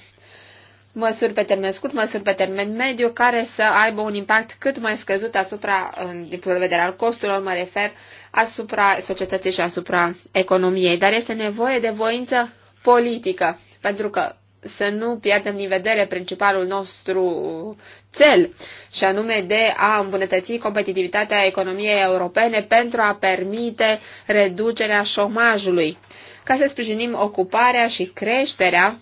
Măsuri pe termen scurt, măsuri pe termen mediu, care să aibă un impact cât mai scăzut asupra, din punct de vedere al costurilor, mă refer, asupra societății și asupra economiei. Dar este nevoie de voință politică, pentru că să nu pierdem din vedere principalul nostru cel, și anume de a îmbunătăți competitivitatea economiei europene pentru a permite reducerea șomajului. Ca să sprijinim ocuparea și creșterea,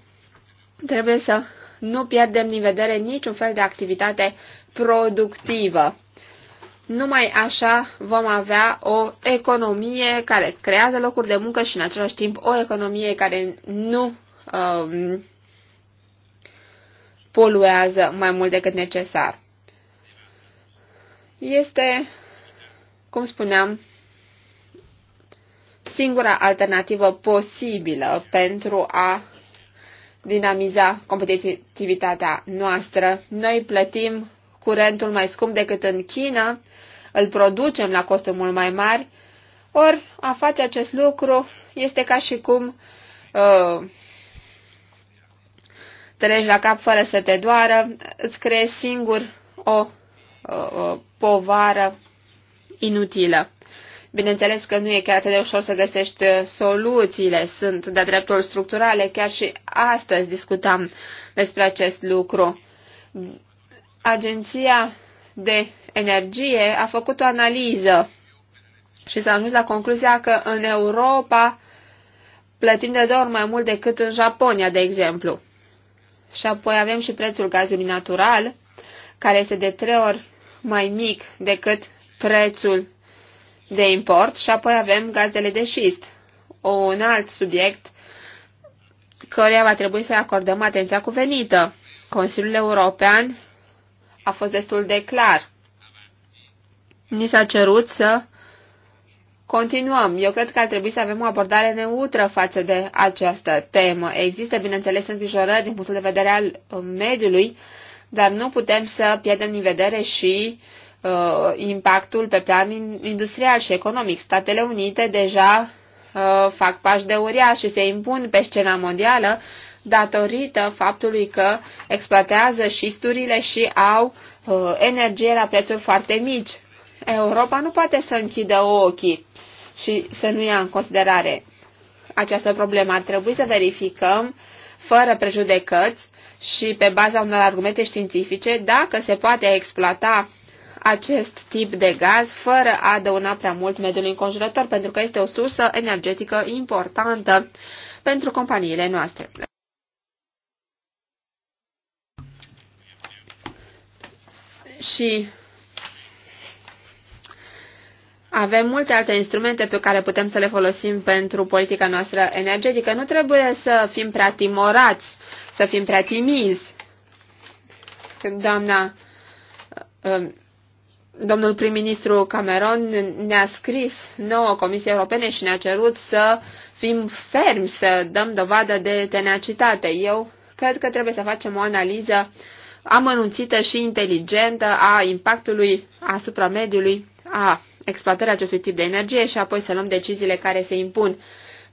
trebuie să nu pierdem din vedere niciun fel de activitate productivă. Numai așa vom avea o economie care creează locuri de muncă și în același timp o economie care nu um, poluează mai mult decât necesar. Este, cum spuneam, singura alternativă posibilă pentru a dinamiza competitivitatea noastră. Noi plătim curentul mai scump decât în China, îl producem la costuri mult mai mari, ori a face acest lucru este ca și cum uh, treci la cap fără să te doară, îți creezi singur o, o, o povară inutilă. Bineînțeles că nu e chiar atât de ușor să găsești uh, soluțiile, sunt de dreptul structurale, chiar și astăzi discutam despre acest lucru. Agenția de energie a făcut o analiză și s-a ajuns la concluzia că în Europa plătim de două ori mai mult decât în Japonia, de exemplu. Și apoi avem și prețul gazului natural, care este de trei ori mai mic decât prețul de import. Și apoi avem gazele de șist, un alt subiect căreia va trebui să acordăm atenția cuvenită. Consiliul European a fost destul de clar. Ni s-a cerut să continuăm. Eu cred că ar trebui să avem o abordare neutră față de această temă. Există, bineînțeles, îngrijorări din punctul de vedere al uh, mediului, dar nu putem să pierdem din vedere și uh, impactul pe plan industrial și economic. Statele Unite deja uh, fac pași de uriaș și se impun pe scena mondială datorită faptului că exploatează și sturile și au uh, energie la prețuri foarte mici. Europa nu poate să închidă ochii și să nu ia în considerare această problemă. Ar trebui să verificăm, fără prejudecăți și pe baza unor argumente științifice, dacă se poate exploata acest tip de gaz fără a dăuna prea mult mediul înconjurător, pentru că este o sursă energetică importantă pentru companiile noastre. Și avem multe alte instrumente pe care putem să le folosim pentru politica noastră energetică. Nu trebuie să fim prea timorați, să fim prea timizi. Doamna, um, domnul prim-ministru Cameron ne-a scris nouă Comisie Europene și ne-a cerut să fim fermi, să dăm dovadă de tenacitate. Eu cred că trebuie să facem o analiză amănunțită și inteligentă a impactului asupra mediului a exploatării acestui tip de energie și apoi să luăm deciziile care se impun.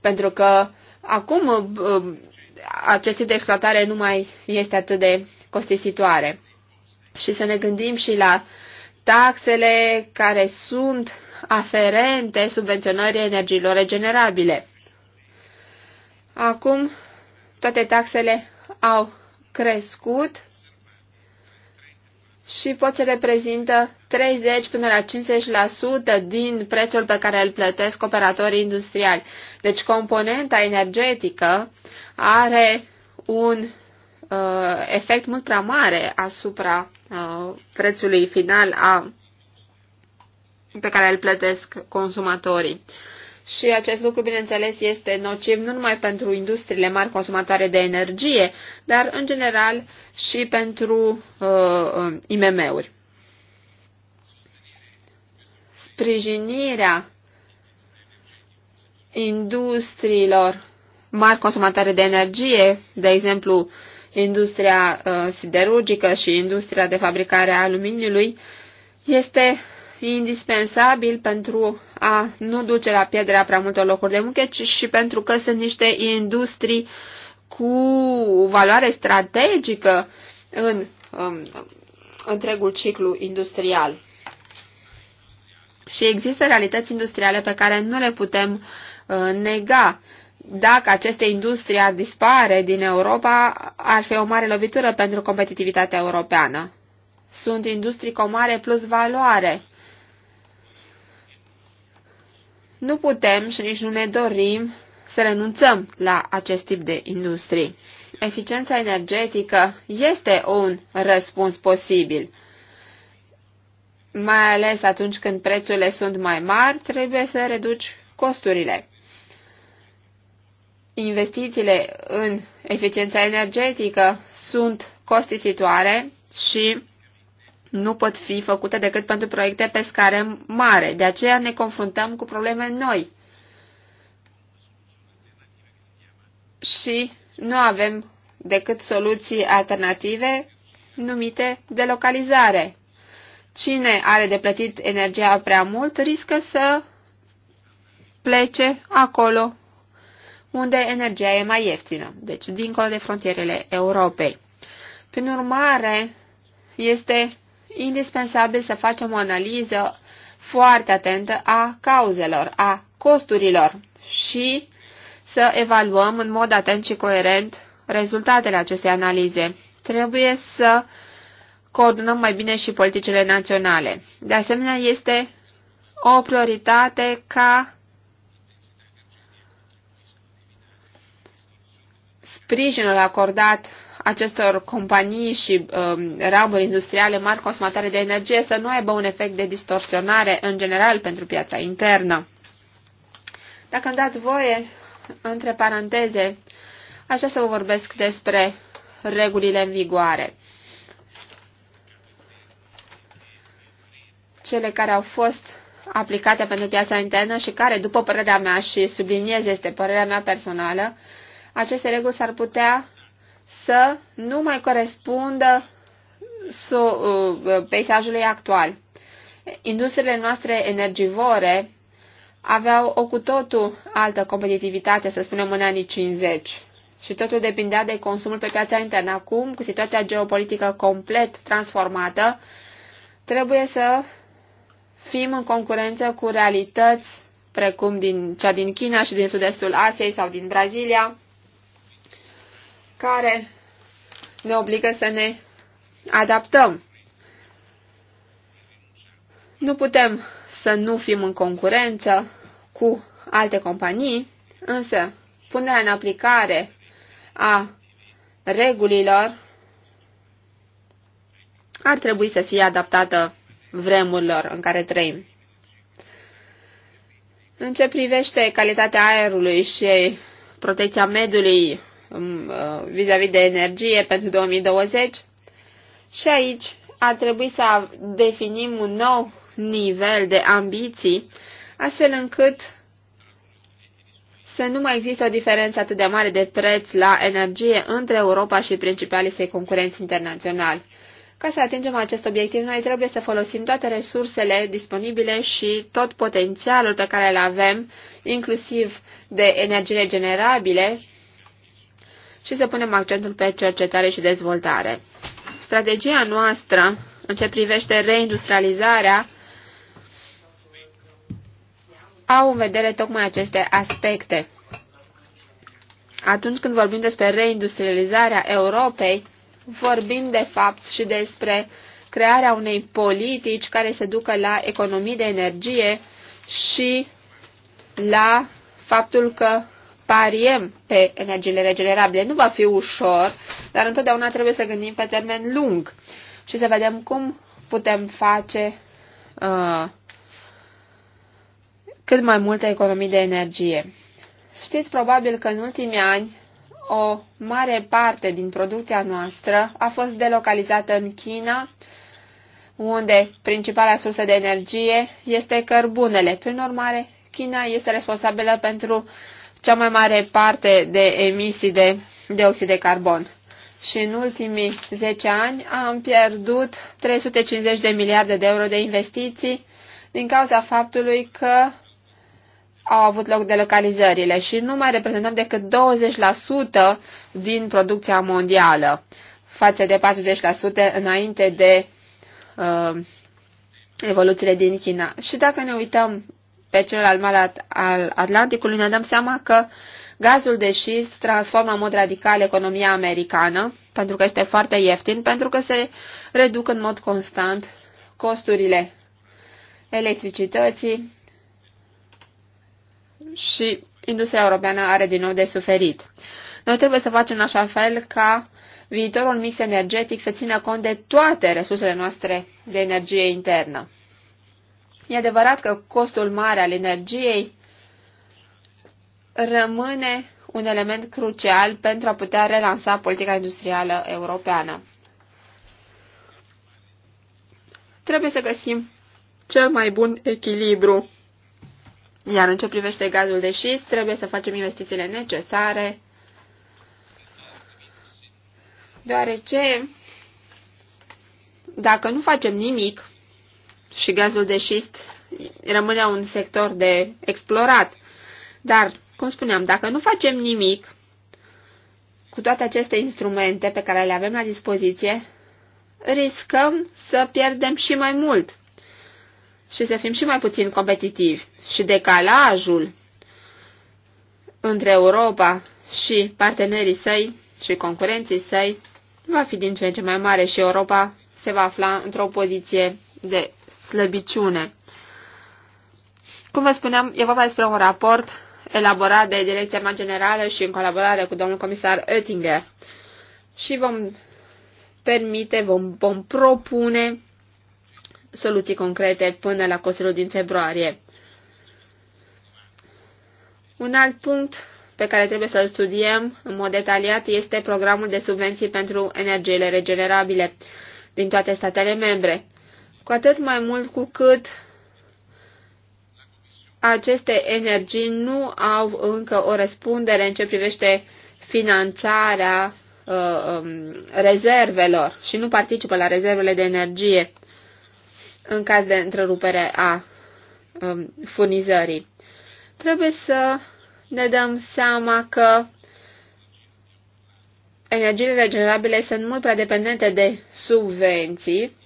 Pentru că acum uh, acest tip de exploatare nu mai este atât de costisitoare. Și să ne gândim și la taxele care sunt aferente subvenționării energiilor regenerabile. Acum toate taxele au crescut și pot să reprezintă 30 până la 50% din prețul pe care îl plătesc operatorii industriali. Deci componenta energetică are un uh, efect mult prea mare asupra uh, prețului final a, pe care îl plătesc consumatorii și acest lucru, bineînțeles, este nociv nu numai pentru industriile mari consumatoare de energie, dar, în general, și pentru uh, uh IMM-uri. Sprijinirea industriilor mari consumatoare de energie, de exemplu, industria uh, siderurgică și industria de fabricare a aluminiului, este indispensabil pentru a nu duce la pierderea prea multor locuri de muncă, ci și pentru că sunt niște industrii cu valoare strategică în um, întregul ciclu industrial. Și există realități industriale pe care nu le putem uh, nega. Dacă aceste industrie ar dispare din Europa, ar fi o mare lovitură pentru competitivitatea europeană. Sunt industrii cu o mare plus valoare nu putem și nici nu ne dorim să renunțăm la acest tip de industrie. Eficiența energetică este un răspuns posibil. Mai ales atunci când prețurile sunt mai mari, trebuie să reduci costurile. Investițiile în eficiența energetică sunt costisitoare și nu pot fi făcute decât pentru proiecte pe scară mare. De aceea ne confruntăm cu probleme noi. Și nu avem decât soluții alternative numite de localizare. Cine are de plătit energia prea mult riscă să plece acolo unde energia e mai ieftină, deci dincolo de frontierele Europei. Prin urmare, este indispensabil să facem o analiză foarte atentă a cauzelor, a costurilor și să evaluăm în mod atent și coerent rezultatele acestei analize. Trebuie să coordonăm mai bine și politicile naționale. De asemenea, este o prioritate ca sprijinul acordat acestor companii și um, raburi industriale mari consumatoare de energie să nu aibă un efect de distorsionare în general pentru piața internă. Dacă îmi dați voie, între paranteze, aș să vă vorbesc despre regulile în vigoare. Cele care au fost aplicate pentru piața internă și care, după părerea mea și subliniez, este părerea mea personală, aceste reguli s-ar putea să nu mai corespundă uh, peisajului actual. Industriile noastre energivore aveau o cu totul altă competitivitate, să spunem, în anii 50. Și totul depindea de consumul pe piața internă. Acum, cu situația geopolitică complet transformată, trebuie să fim în concurență cu realități precum din cea din China și din sud-estul Asiei sau din Brazilia, care ne obligă să ne adaptăm. Nu putem să nu fim în concurență cu alte companii, însă punerea în aplicare a regulilor ar trebui să fie adaptată vremurilor în care trăim. În ce privește calitatea aerului și protecția mediului, Um, uh, vis-a-vis -vis de energie pentru 2020. Și aici ar trebui să definim un nou nivel de ambiții, astfel încât să nu mai există o diferență atât de mare de preț la energie între Europa și principalii săi concurenți internaționali. Ca să atingem acest obiectiv, noi trebuie să folosim toate resursele disponibile și tot potențialul pe care îl avem, inclusiv de energie regenerabile, și să punem accentul pe cercetare și dezvoltare. Strategia noastră în ce privește reindustrializarea au în vedere tocmai aceste aspecte. Atunci când vorbim despre reindustrializarea Europei, vorbim de fapt și despre crearea unei politici care se ducă la economii de energie și la faptul că pariem pe energiile regenerabile. Nu va fi ușor, dar întotdeauna trebuie să gândim pe termen lung și să vedem cum putem face uh, cât mai multă economie de energie. Știți probabil că în ultimii ani o mare parte din producția noastră a fost delocalizată în China, unde principala sursă de energie este cărbunele. Prin urmare, China este responsabilă pentru cea mai mare parte de emisii de dioxid de carbon. Și în ultimii 10 ani am pierdut 350 de miliarde de euro de investiții din cauza faptului că au avut loc de localizările și nu mai reprezentăm decât 20% din producția mondială față de 40% înainte de uh, evoluțiile din China. Și dacă ne uităm pe celălalt mal al Atlanticului, ne dăm seama că gazul de șist transformă în mod radical economia americană, pentru că este foarte ieftin, pentru că se reduc în mod constant costurile electricității și industria europeană are din nou de suferit. Noi trebuie să facem așa fel ca viitorul mix energetic să țină cont de toate resursele noastre de energie internă. E adevărat că costul mare al energiei rămâne un element crucial pentru a putea relansa politica industrială europeană. Trebuie să găsim cel mai bun echilibru. Iar în ce privește gazul de șist, trebuie să facem investițiile necesare, deoarece dacă nu facem nimic, și gazul de șist rămâne un sector de explorat. Dar, cum spuneam, dacă nu facem nimic cu toate aceste instrumente pe care le avem la dispoziție, riscăm să pierdem și mai mult și să fim și mai puțin competitivi. Și decalajul între Europa și partenerii săi și concurenții săi va fi din ce în ce mai mare și Europa se va afla într-o poziție de slăbiciune. Cum vă spuneam, e vorba despre un raport elaborat de Direcția mea generală și în colaborare cu domnul comisar Oettinger. Și vom permite, vom, vom propune soluții concrete până la Consiliul din februarie. Un alt punct pe care trebuie să-l studiem în mod detaliat este programul de subvenții pentru energiile regenerabile din toate statele membre cu atât mai mult cu cât aceste energii nu au încă o răspundere în ce privește finanțarea uh, um, rezervelor și nu participă la rezervele de energie în caz de întrerupere a um, furnizării. Trebuie să ne dăm seama că energiile regenerabile sunt mult prea dependente de subvenții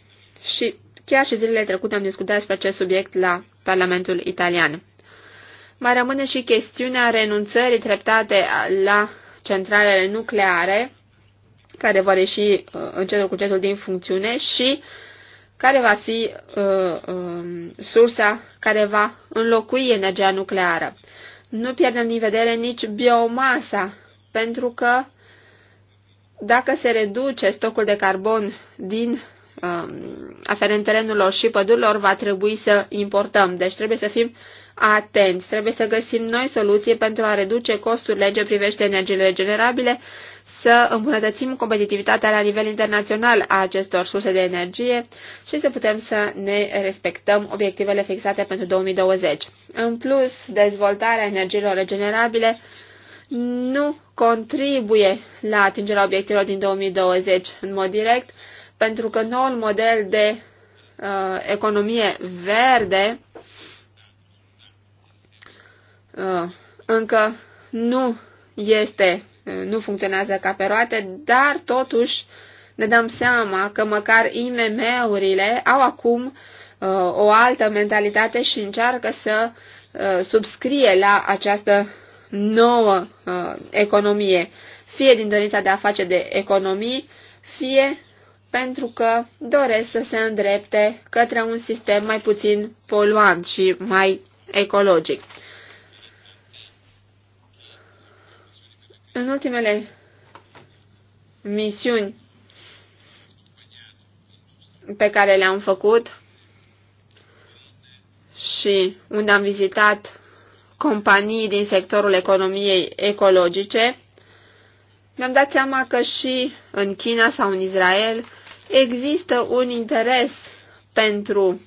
și Chiar și zilele trecute am discutat despre acest subiect la Parlamentul Italian. Mai rămâne și chestiunea renunțării treptate la centralele nucleare, care vor ieși uh, încetul cu încetul din funcțiune și care va fi uh, uh, sursa care va înlocui energia nucleară. Nu pierdem din vedere nici biomasa, pentru că dacă se reduce stocul de carbon din Um, aferent terenurilor și pădurilor va trebui să importăm. Deci trebuie să fim atenți, trebuie să găsim noi soluții pentru a reduce costurile ce privește energiile regenerabile, să îmbunătățim competitivitatea la nivel internațional a acestor surse de energie și să putem să ne respectăm obiectivele fixate pentru 2020. În plus, dezvoltarea energiilor regenerabile nu contribuie la atingerea obiectivelor din 2020 în mod direct, pentru că noul model de uh, economie verde uh, încă nu este, uh, nu funcționează ca pe roate, dar totuși ne dăm seama că măcar IMM-urile au acum uh, o altă mentalitate și încearcă să uh, subscrie la această nouă uh, economie, fie din dorința de a face de economii, fie pentru că doresc să se îndrepte către un sistem mai puțin poluant și mai ecologic. În ultimele misiuni pe care le-am făcut și unde am vizitat companii din sectorul economiei ecologice, mi-am dat seama că și în China sau în Israel există un interes pentru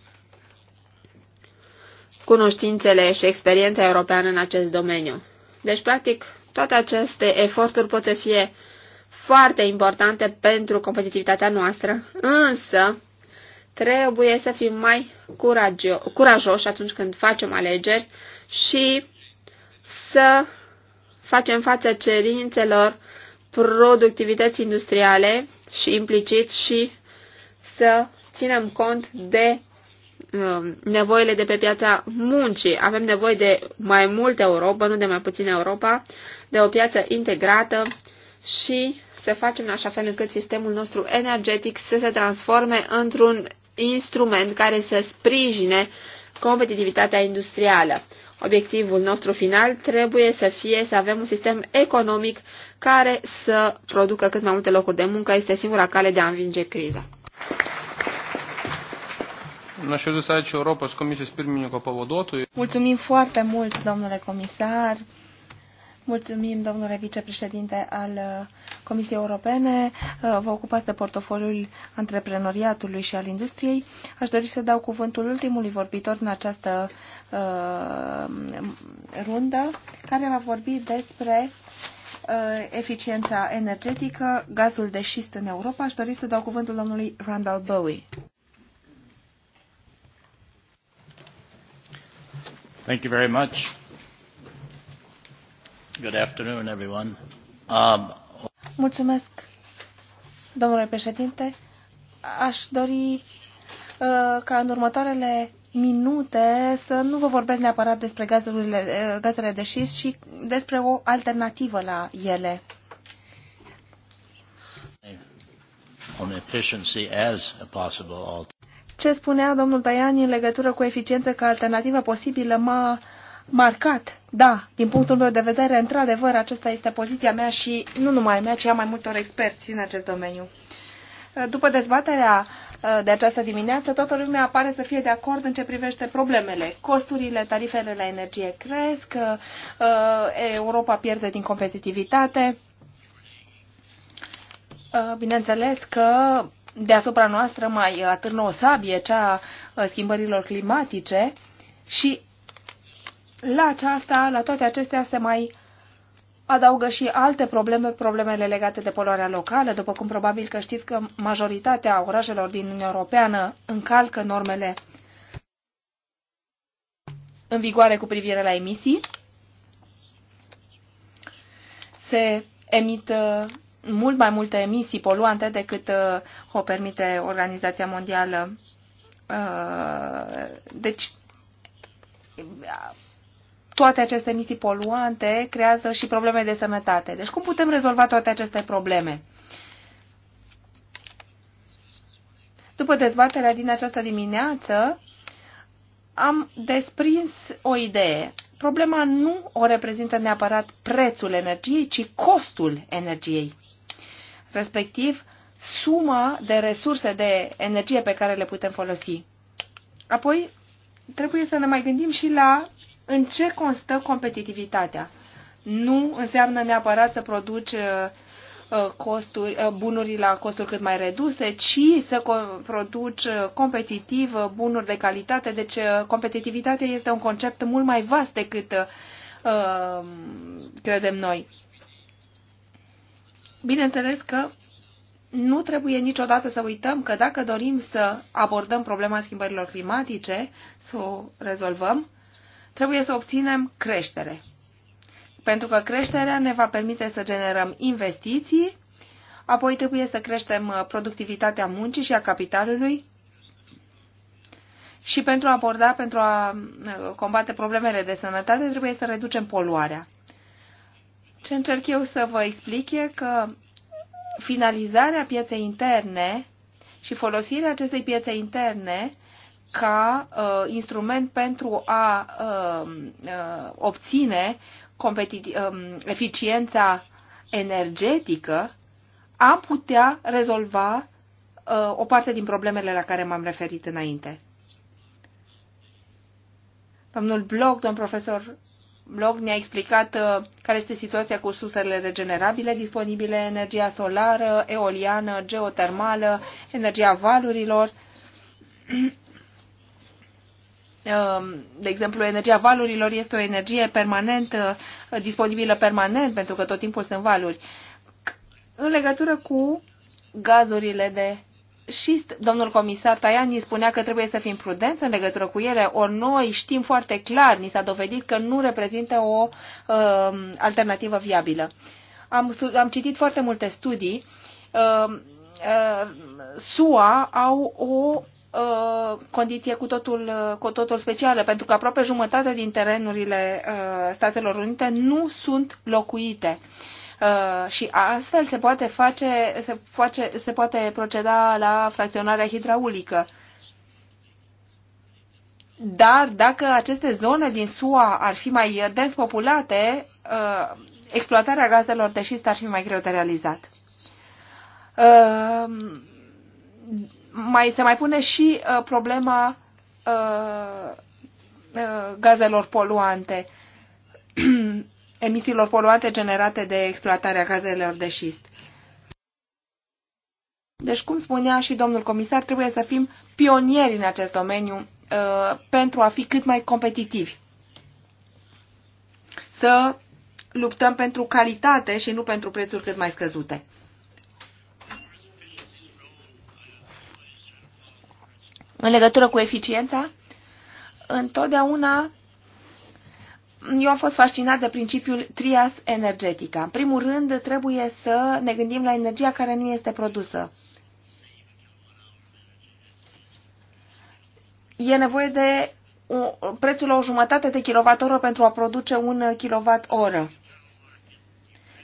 cunoștințele și experiența europeană în acest domeniu. Deci, practic, toate aceste eforturi pot să fie foarte importante pentru competitivitatea noastră, însă trebuie să fim mai curagio curajoși atunci când facem alegeri și să facem față cerințelor productivității industriale și implicit și să ținem cont de um, nevoile de pe piața muncii. Avem nevoie de mai multă Europa, nu de mai puțină Europa, de o piață integrată și să facem în așa fel încât sistemul nostru energetic să se transforme într-un instrument care să sprijine competitivitatea industrială obiectivul nostru final trebuie să fie să avem un sistem economic care să producă cât mai multe locuri de muncă. Este singura cale de a învinge criza. Mulțumim foarte mult, domnule comisar. Mulțumim, domnule vicepreședinte al uh, Comisiei Europene. Uh, vă ocupați de portofoliul antreprenoriatului și al industriei. Aș dori să dau cuvântul ultimului vorbitor în această Uh, rundă care va vorbi despre uh, eficiența energetică, gazul de șist în Europa. Aș dori să dau cuvântul domnului Randall Bowie. Thank you very much. Good afternoon, everyone. Um, Mulțumesc, domnule președinte. Aș dori uh, ca în următoarele minute să nu vă vorbesc neapărat despre gazurile, eh, gazele de șist, ci despre o alternativă la ele. Ce spunea domnul Tajani în legătură cu eficiență ca alternativă posibilă m-a marcat. Da, din punctul meu de vedere, într-adevăr, aceasta este poziția mea și nu numai mea, ci a mai multor experți în acest domeniu. După dezbaterea uh, Uh, de această dimineață, toată lumea apare să fie de acord în ce privește problemele. Costurile, tarifele la energie cresc, uh, uh, Europa pierde din competitivitate. Bineînțeles că deasupra noastră mai atârnă o sabie, cea schimbărilor climatice și la aceasta, la toate acestea se mai adaugă și alte probleme, problemele legate de poluarea locală, după cum probabil că știți că majoritatea orașelor din Uniunea Europeană încalcă normele în vigoare cu privire la emisii. Se emit uh, mult mai multe emisii poluante decât uh, o permite Organizația Mondială. Uh, deci, toate aceste emisii poluante creează și probleme de sănătate. Deci cum putem rezolva toate aceste probleme? După dezbaterea din această dimineață, am desprins o idee. Problema nu o reprezintă neapărat prețul energiei, ci costul energiei, respectiv suma de resurse de energie pe care le putem folosi. Apoi, trebuie să ne mai gândim și la în ce constă competitivitatea. Nu înseamnă neapărat să produci uh, uh, costuri, uh, bunuri la costuri cât mai reduse, ci să produci competitiv bunuri de calitate. Deci competitivitatea este un concept mult mai vast decât uh, credem noi. Bineînțeles că nu trebuie niciodată să uităm că dacă dorim să abordăm problema schimbărilor climatice, să o rezolvăm, Trebuie să obținem creștere. Pentru că creșterea ne va permite să generăm investiții, apoi trebuie să creștem uh, productivitatea muncii și a capitalului, și pentru a aborda, pentru a uh, combate problemele de sănătate, trebuie să reducem poluarea. Ce încerc eu să vă explic e că finalizarea pieței interne și folosirea acestei piețe interne ca uh, instrument pentru a uh, uh, obține um, eficiența energetică, am putea rezolva uh, o parte din problemele la care m-am referit înainte. Domnul Bloc, domn profesor Bloc, ne-a explicat uh, care este situația cu sursele regenerabile disponibile, energia solară, eoliană, geotermală, energia valurilor. Ehm, de exemplu, energia valurilor este o energie permanent, eh, disponibilă permanent, pentru că tot timpul sunt valuri. În legătură cu gazurile de șist, domnul comisar Tajani spunea că trebuie să fim prudenți în legătură cu ele, ori noi știm foarte clar, ni s-a dovedit că nu reprezintă o uh, alternativă viabilă. Am, am citit foarte multe studii. Uh, uh, SUA au o Uh, condiție cu totul, uh, cu totul specială, pentru că aproape jumătate din terenurile uh, Statelor Unite nu sunt locuite. Uh, și astfel se poate, face, se, face, se poate proceda la fracționarea hidraulică. Dar dacă aceste zone din SUA ar fi mai dens populate, uh, exploatarea gazelor de șist ar fi mai greu de realizat. Uh, mai, se mai pune și uh, problema uh, uh, gazelor poluante, emisiilor poluante generate de exploatarea gazelor de șist. Deci, cum spunea și domnul comisar, trebuie să fim pionieri în acest domeniu uh, pentru a fi cât mai competitivi. Să luptăm pentru calitate și nu pentru prețuri cât mai scăzute. În legătură cu eficiența, întotdeauna eu am fost fascinat de principiul trias energetica. În primul rând, trebuie să ne gândim la energia care nu este produsă. E nevoie de prețul la o jumătate de kilowat-oră pentru a produce un kilowatt-oră.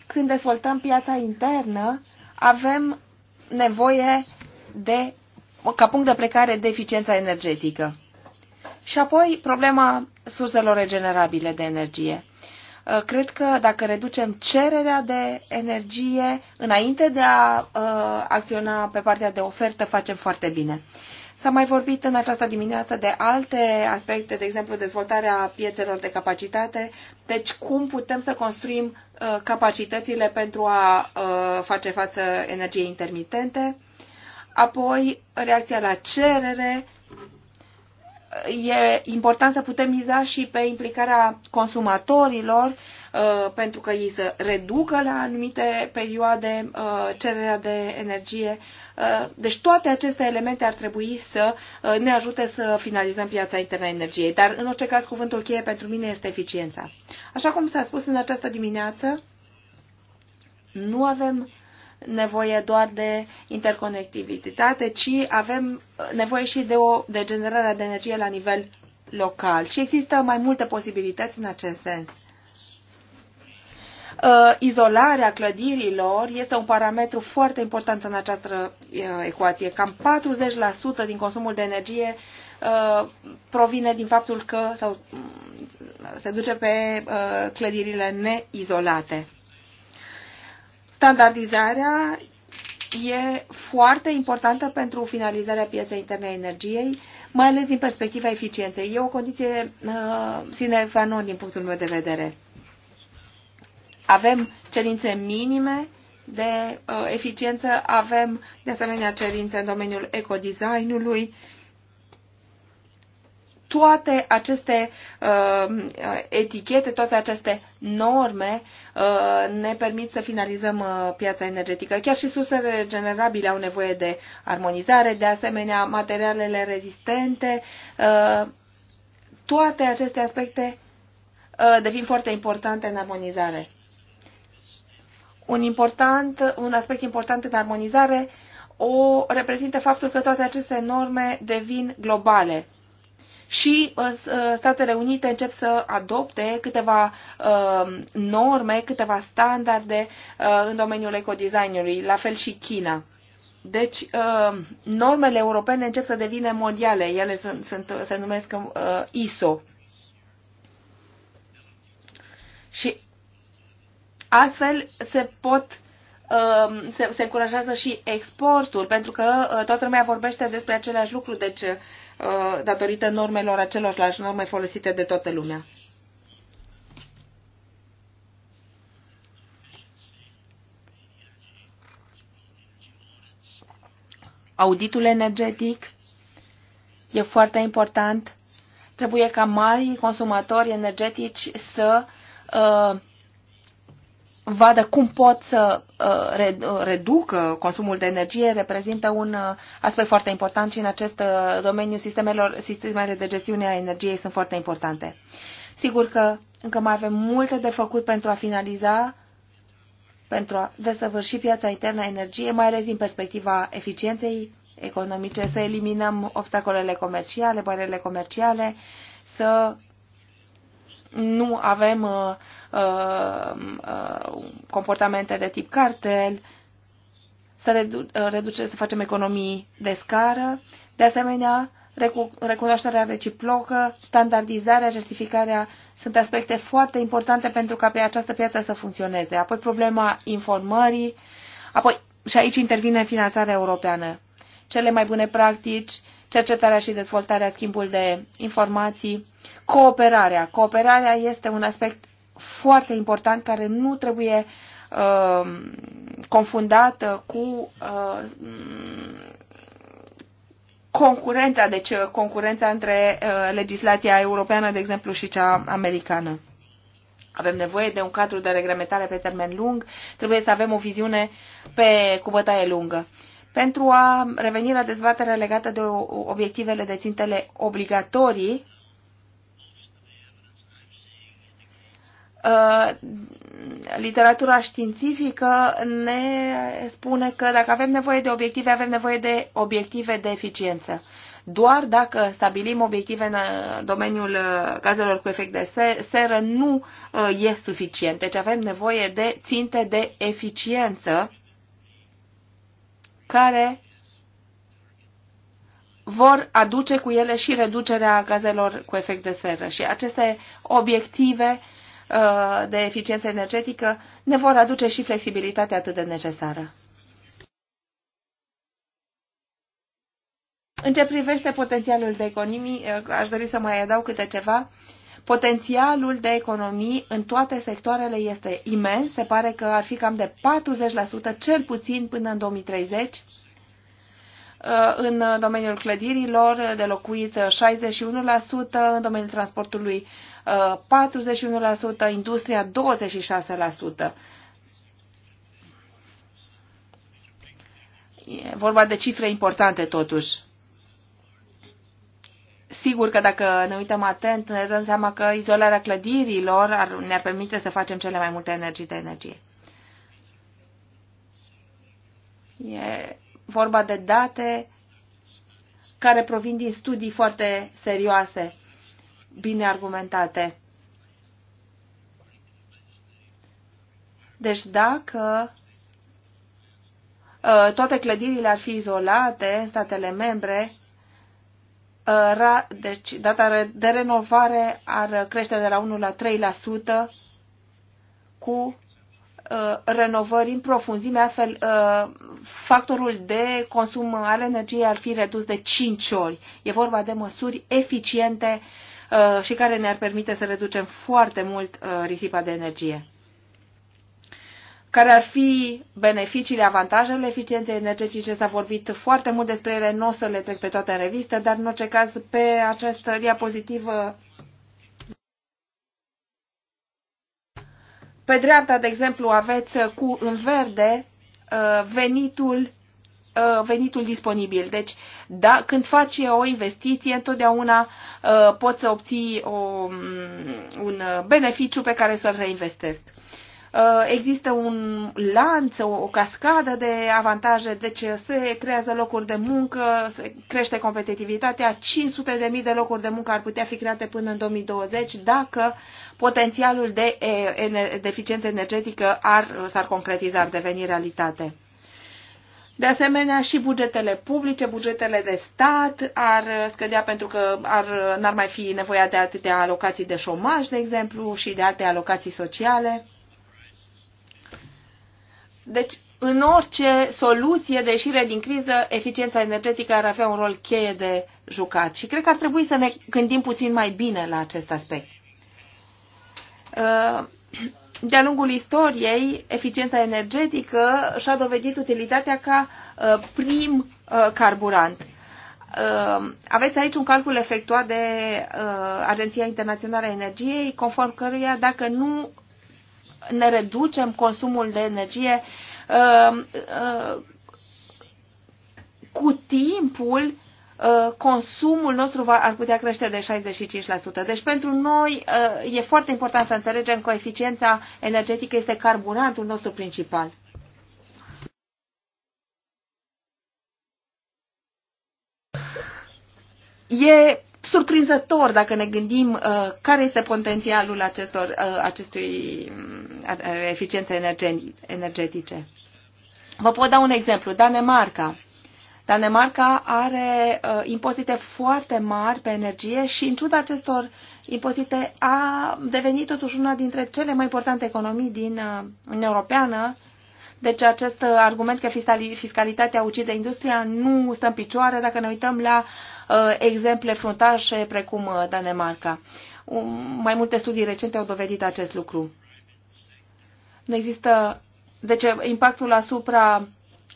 Când dezvoltăm piața internă, avem nevoie de ca punct de plecare de energetică. Și apoi problema surselor regenerabile de energie. Uh, cred că dacă reducem cererea de energie înainte de a uh, acționa pe partea de ofertă, facem foarte bine. S-a mai vorbit în această dimineață de alte aspecte, de exemplu dezvoltarea piețelor de capacitate, deci cum putem să construim uh, capacitățile pentru a face față energiei intermitente. Apoi, reacția la cerere. E important să putem miza și pe implicarea consumatorilor, uh, pentru că ei să reducă la anumite perioade uh, cererea de energie. Uh, deci toate aceste elemente ar trebui să ne ajute să finalizăm piața internă a energiei. Dar, în orice caz, cuvântul cheie pentru mine este eficiența. Așa cum s-a spus în această dimineață, nu avem nevoie doar de interconectivitate, ci avem nevoie și de, o, de generarea de energie la nivel local. Și există mai multe posibilități în acest sens. Uh, izolarea clădirilor este un parametru foarte important în această uh, ecuație. Cam 40% din consumul de energie uh, provine din faptul că sau, se duce pe clădirile neizolate. Standardizarea e foarte importantă pentru finalizarea pieței interne a energiei, mai ales din perspectiva eficienței. E o condiție uh, sine qua non din punctul meu de vedere. Avem cerințe minime de uh, eficiență, avem de asemenea cerințe în domeniul ecodesignului, toate aceste uh, etichete, toate aceste norme uh, ne permit să finalizăm uh, piața energetică. Chiar și sursele regenerabile au nevoie de armonizare, de asemenea materialele rezistente. Uh, toate aceste aspecte uh, devin foarte importante în armonizare. Un, important, un aspect important în armonizare o reprezintă faptul că toate aceste norme devin globale și uh, uh, Statele Unite încep să adopte câteva uh, norme, câteva standarde în domeniul ecodesignului, la fel și China. Deci, normele europene încep să devină mondiale. Ele sunt, sunt, se numesc ISO. Și astfel se pot se, se încurajează și exportul, pentru că toată lumea vorbește despre același lucru, deci Uh, datorită normelor acelorlași norme folosite de toată lumea. Auditul energetic e foarte important. Trebuie ca mari consumatori energetici să uh, vadă cum pot să uh, uh, reducă consumul de energie reprezintă un uh, aspect foarte important și în acest domeniu sistemelor, sistemele de gestiune a energiei sunt foarte importante. Sigur că încă mai avem multe de făcut pentru a finaliza, pentru a desăvârși piața internă a energiei, mai ales din perspectiva eficienței economice, să eliminăm obstacolele comerciale, barierele comerciale, să nu avem uh, uh, uh, comportamente de tip cartel, să, redu uh, reduce, să facem economii de scară, de asemenea, recu recunoașterea reciprocă, standardizarea, justificarea sunt aspecte foarte importante pentru ca pe această piață să funcționeze. Apoi problema informării, apoi și aici intervine finanțarea europeană. Cele mai bune practici, cercetarea și dezvoltarea, schimbul de informații, cooperarea. Cooperarea este un aspect foarte important care nu trebuie uh, confundat uh, cu uh, concurența, deci uh, concurența între uh, legislația europeană, de exemplu, și cea americană. Avem nevoie de un cadru de reglementare pe termen lung, trebuie să avem o viziune pe, cu bătaie lungă. Pentru a reveni la dezbaterea legată de obiectivele de țintele obligatorii, Uh, literatura științifică ne spune că dacă avem nevoie de obiective, avem nevoie de obiective de eficiență. Doar dacă stabilim obiective în uh, domeniul uh, gazelor cu efect de seră, nu e suficient. Deci avem nevoie de ținte de eficiență care vor aduce cu ele și reducerea gazelor cu efect de seră. Și aceste obiective uh, Uh, de eficiență energetică ne vor aduce și flexibilitatea atât de necesară. În ce privește potențialul de economii, uh, aș dori să mai adaug câte ceva. Potențialul de economii în toate sectoarele este imens, se pare că ar fi cam de 40%, cel puțin până în 2030. Uh, în domeniul clădirilor de locuit 61%, în domeniul transportului 41%, industria 26%. E vorba de cifre importante totuși. Sigur că dacă ne uităm atent, ne dăm seama că izolarea clădirilor ar, ne-ar permite să facem cele mai multe energii de energie. E vorba de date care provin din studii foarte serioase bine argumentate. Deci dacă uh, toate clădirile ar fi izolate în statele membre, uh, deci data de renovare ar crește de la 1 la 3% cu uh, renovări în profunzime, astfel factorul de consum al energiei ar fi redus de 5 ori. E vorba de măsuri eficiente uh, Uh, și care ne-ar permite să reducem foarte mult uh, risipa de energie. Care ar fi beneficiile, avantajele eficienței energetice? S-a vorbit foarte mult despre ele, nu o să le trec pe toate în revistă, dar în orice caz pe această diapozitivă uh, Pe dreapta, de exemplu, aveți cu în verde venitul Uh, venitul disponibil. Deci, da, când faci o investiție, întotdeauna uh, poți să obții o, mm, un beneficiu pe care să-l reinvestezi. Uh, există un lanț, o, o cascadă de avantaje, deci se creează locuri de muncă, se crește competitivitatea, 500.000 de locuri de muncă ar putea fi create până în 2020 dacă potențialul de, de eficiență energetică ar, s-ar concretiza, ar deveni realitate. De asemenea, și bugetele publice, bugetele de stat ar scădea pentru că ar, n-ar mai fi nevoia de atâtea alocații de șomaj, de exemplu, și de alte alocații sociale. Deci, în orice soluție de ieșire din criză, eficiența energetică ar avea un rol cheie de jucat. Și cred că ar trebui să ne gândim puțin mai bine la acest aspect. Uh, de-a lungul istoriei, eficiența energetică și-a dovedit utilitatea ca uh, prim uh, carburant. Uh, aveți aici un calcul efectuat de Agenția Internațională a Energiei, conform căruia dacă nu ne reducem consumul de energie, cu timpul Uh, consumul nostru ar putea crește de 65%. Deci pentru noi uh, e foarte important să înțelegem că eficiența energetică este carburantul nostru principal. E surprinzător dacă ne gândim uh, care este potențialul acestor, uh, acestui uh, eficiențe energetice. Vă pot da un exemplu. Danemarca Danemarca are uh, impozite foarte mari pe energie și în ciuda acestor impozite a devenit totuși una dintre cele mai importante economii din uh, Uniunea Europeană. Deci acest uh, argument că fiscalitatea ucide industria nu stă în picioare dacă ne uităm la uh, exemple fruntașe precum uh, Danemarca. Um, mai multe studii recente au dovedit acest lucru. Nu există, deci impactul asupra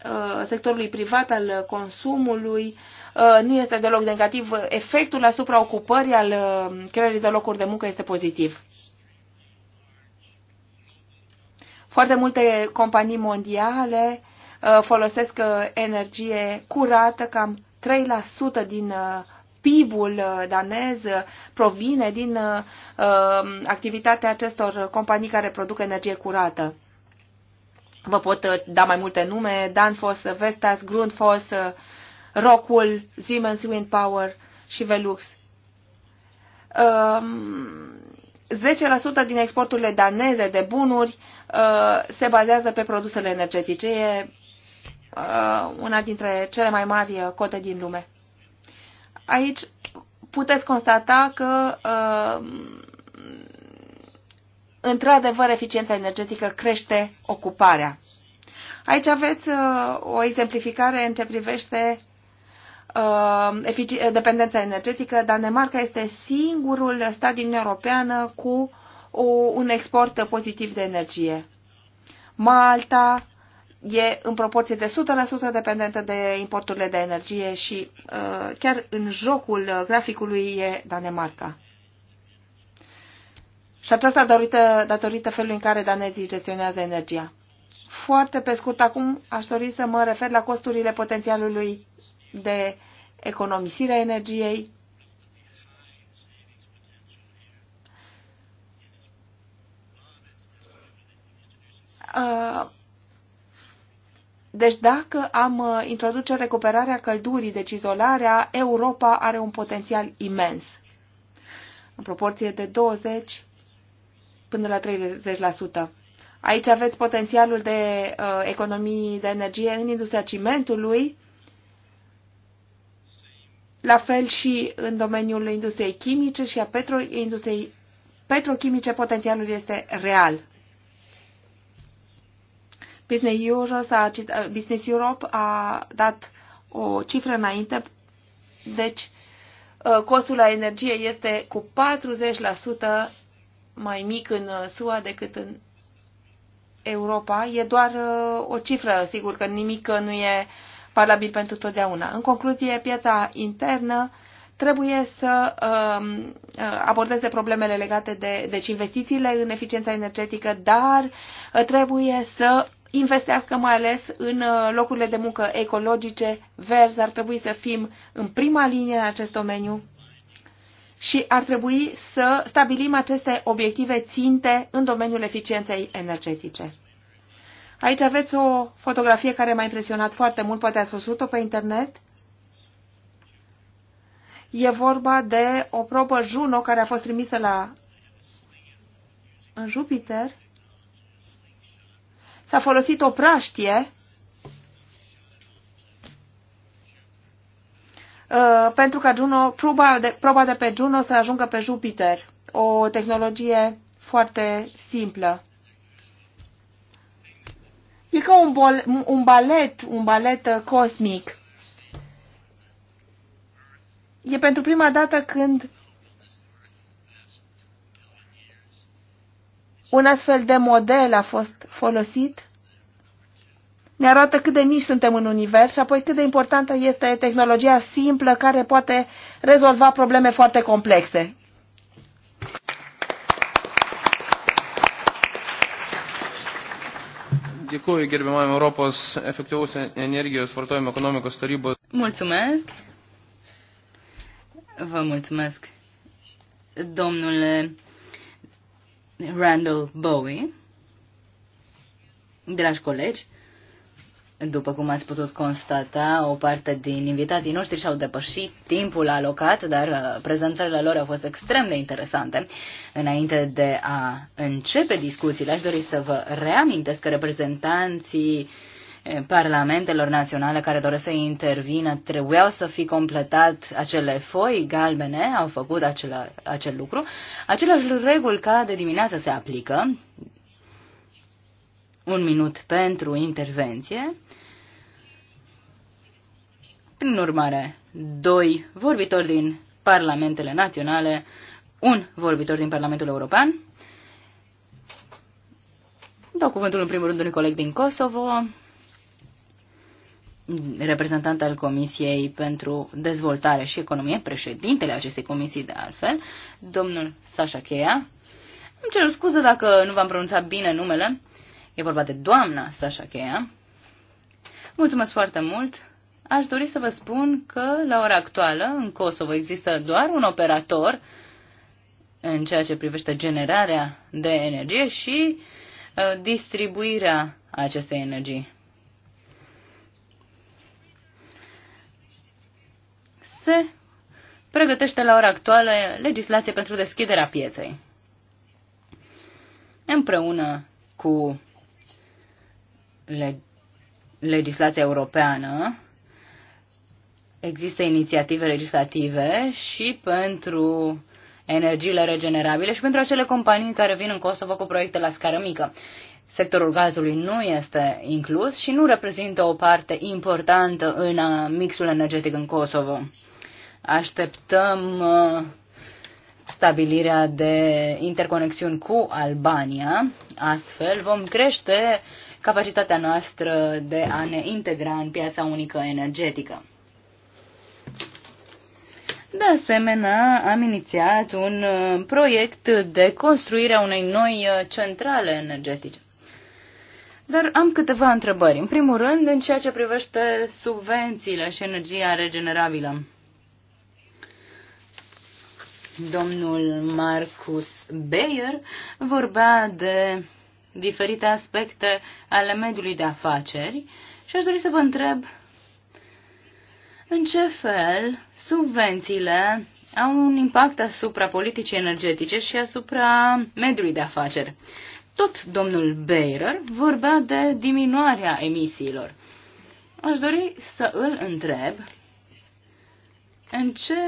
Uh, sectorului privat, al consumului. Uh, nu este deloc negativ. Efectul asupra ocupării, al uh, creării de locuri de muncă este pozitiv. Foarte multe companii mondiale folosesc energie curată, cam 3% din PIB-ul danez provine din activitatea acestor companii care produc energie curată. Vă pot uh, da mai multe nume, Danfoss, uh, Vestas, Grundfos, uh, Rockwool, Siemens Wind Power și Velux. 10% um, din exporturile daneze de bunuri se bazează pe produsele energetice. E una dintre cele mai mari cote din lume. Aici puteți constata că uh, într-adevăr, eficiența energetică crește ocuparea. Aici aveți uh, o exemplificare în ce privește uh, dependența energetică. Danemarca este singurul stat din Europeană cu o, un export pozitiv de energie. Malta e în proporție de 100% dependentă de importurile de energie și uh, chiar în jocul graficului e Danemarca. Și aceasta datorită, datorită felului în care danezii gestionează energia. Foarte pe scurt, acum aș dori să mă refer la costurile potențialului de economisire a energiei. Deci dacă am uh, introduce recuperarea căldurii, deci izolarea, Europa are un potențial imens. În proporție de 20 până la 30%. Aici aveți potențialul de uh, economii de energie în industria cimentului, la fel și în domeniul industriei chimice și a petro, industriei petrochimice, potențialul este real. Business Europe, a, uh, Business Europe a dat o cifră înainte, deci uh, costul la energie este cu 40% mai mic în uh, SUA decât în Europa. E doar uh, o cifră, sigur că nimic uh, nu e valabil pentru totdeauna. În concluzie, piața internă trebuie să um, abordeze problemele legate de deci investițiile în eficiența energetică, dar trebuie să investească mai ales în locurile de muncă ecologice, verzi, ar trebui să fim în prima linie în acest domeniu și ar trebui să stabilim aceste obiective ținte în domeniul eficienței energetice. Aici aveți o fotografie care m-a impresionat foarte mult, poate ați văzut-o pe internet. E vorba de o probă Juno care a fost trimisă la în Jupiter. S-a folosit o praștie Uh, pentru ca Juno, proba de, proba de pe Juno să ajungă pe Jupiter. O tehnologie foarte simplă. E ca un, bol, un balet, un balet uh, cosmic. E pentru prima dată când un astfel de model a fost folosit ne arată cât de mici suntem în univers și apoi cât de importantă este tehnologia simplă care poate rezolva probleme foarte complexe. Mulțumesc. Vă mulțumesc, domnule Randall Bowie. Dragi colegi, după cum ați putut constata, o parte din invitații noștri și-au depășit timpul alocat, dar uh, prezentările lor au fost extrem de interesante. Înainte de a începe discuțiile, aș dori să vă reamintesc că reprezentanții parlamentelor naționale care doresc să intervină trebuiau să fi completat acele foi galbene, au făcut acela, acel lucru. Aceleași reguli ca de dimineață se aplică un minut pentru intervenție. Prin urmare, doi vorbitori din parlamentele naționale, un vorbitor din Parlamentul European. Dau cuvântul în primul rând unui coleg din Kosovo, reprezentant al Comisiei pentru Dezvoltare și Economie, președintele acestei comisii de altfel, domnul Sasha Cheia. Îmi cer scuze dacă nu v-am pronunțat bine numele. E vorba de doamna Sasha Cheia. Mulțumesc foarte mult! Aș dori să vă spun că, la ora actuală, în Kosovo există doar un operator în ceea ce privește generarea de energie și uh, distribuirea acestei energii. Se pregătește la ora actuală legislație pentru deschiderea pieței. Împreună cu le, legislația europeană, există inițiative legislative și pentru energiile regenerabile și pentru acele companii care vin în Kosovo cu proiecte la scară mică. Sectorul gazului nu este inclus și nu reprezintă o parte importantă în uh, mixul energetic în Kosovo. Așteptăm uh, stabilirea de interconexiuni cu Albania, astfel vom crește capacitatea noastră de a ne integra în piața unică energetică. De asemenea, am inițiat un uh, proiect de construire a unei noi uh, centrale energetice. Dar am câteva întrebări. În primul rând, în ceea ce privește subvențiile și energia regenerabilă. Domnul Marcus Bayer vorbea de diferite aspecte ale mediului de afaceri și aș dori să vă întreb în ce fel subvențiile au un impact asupra politicii energetice și asupra mediului de afaceri. Tot domnul Bayer vorbea de diminuarea emisiilor. Aș dori să îl întreb în ce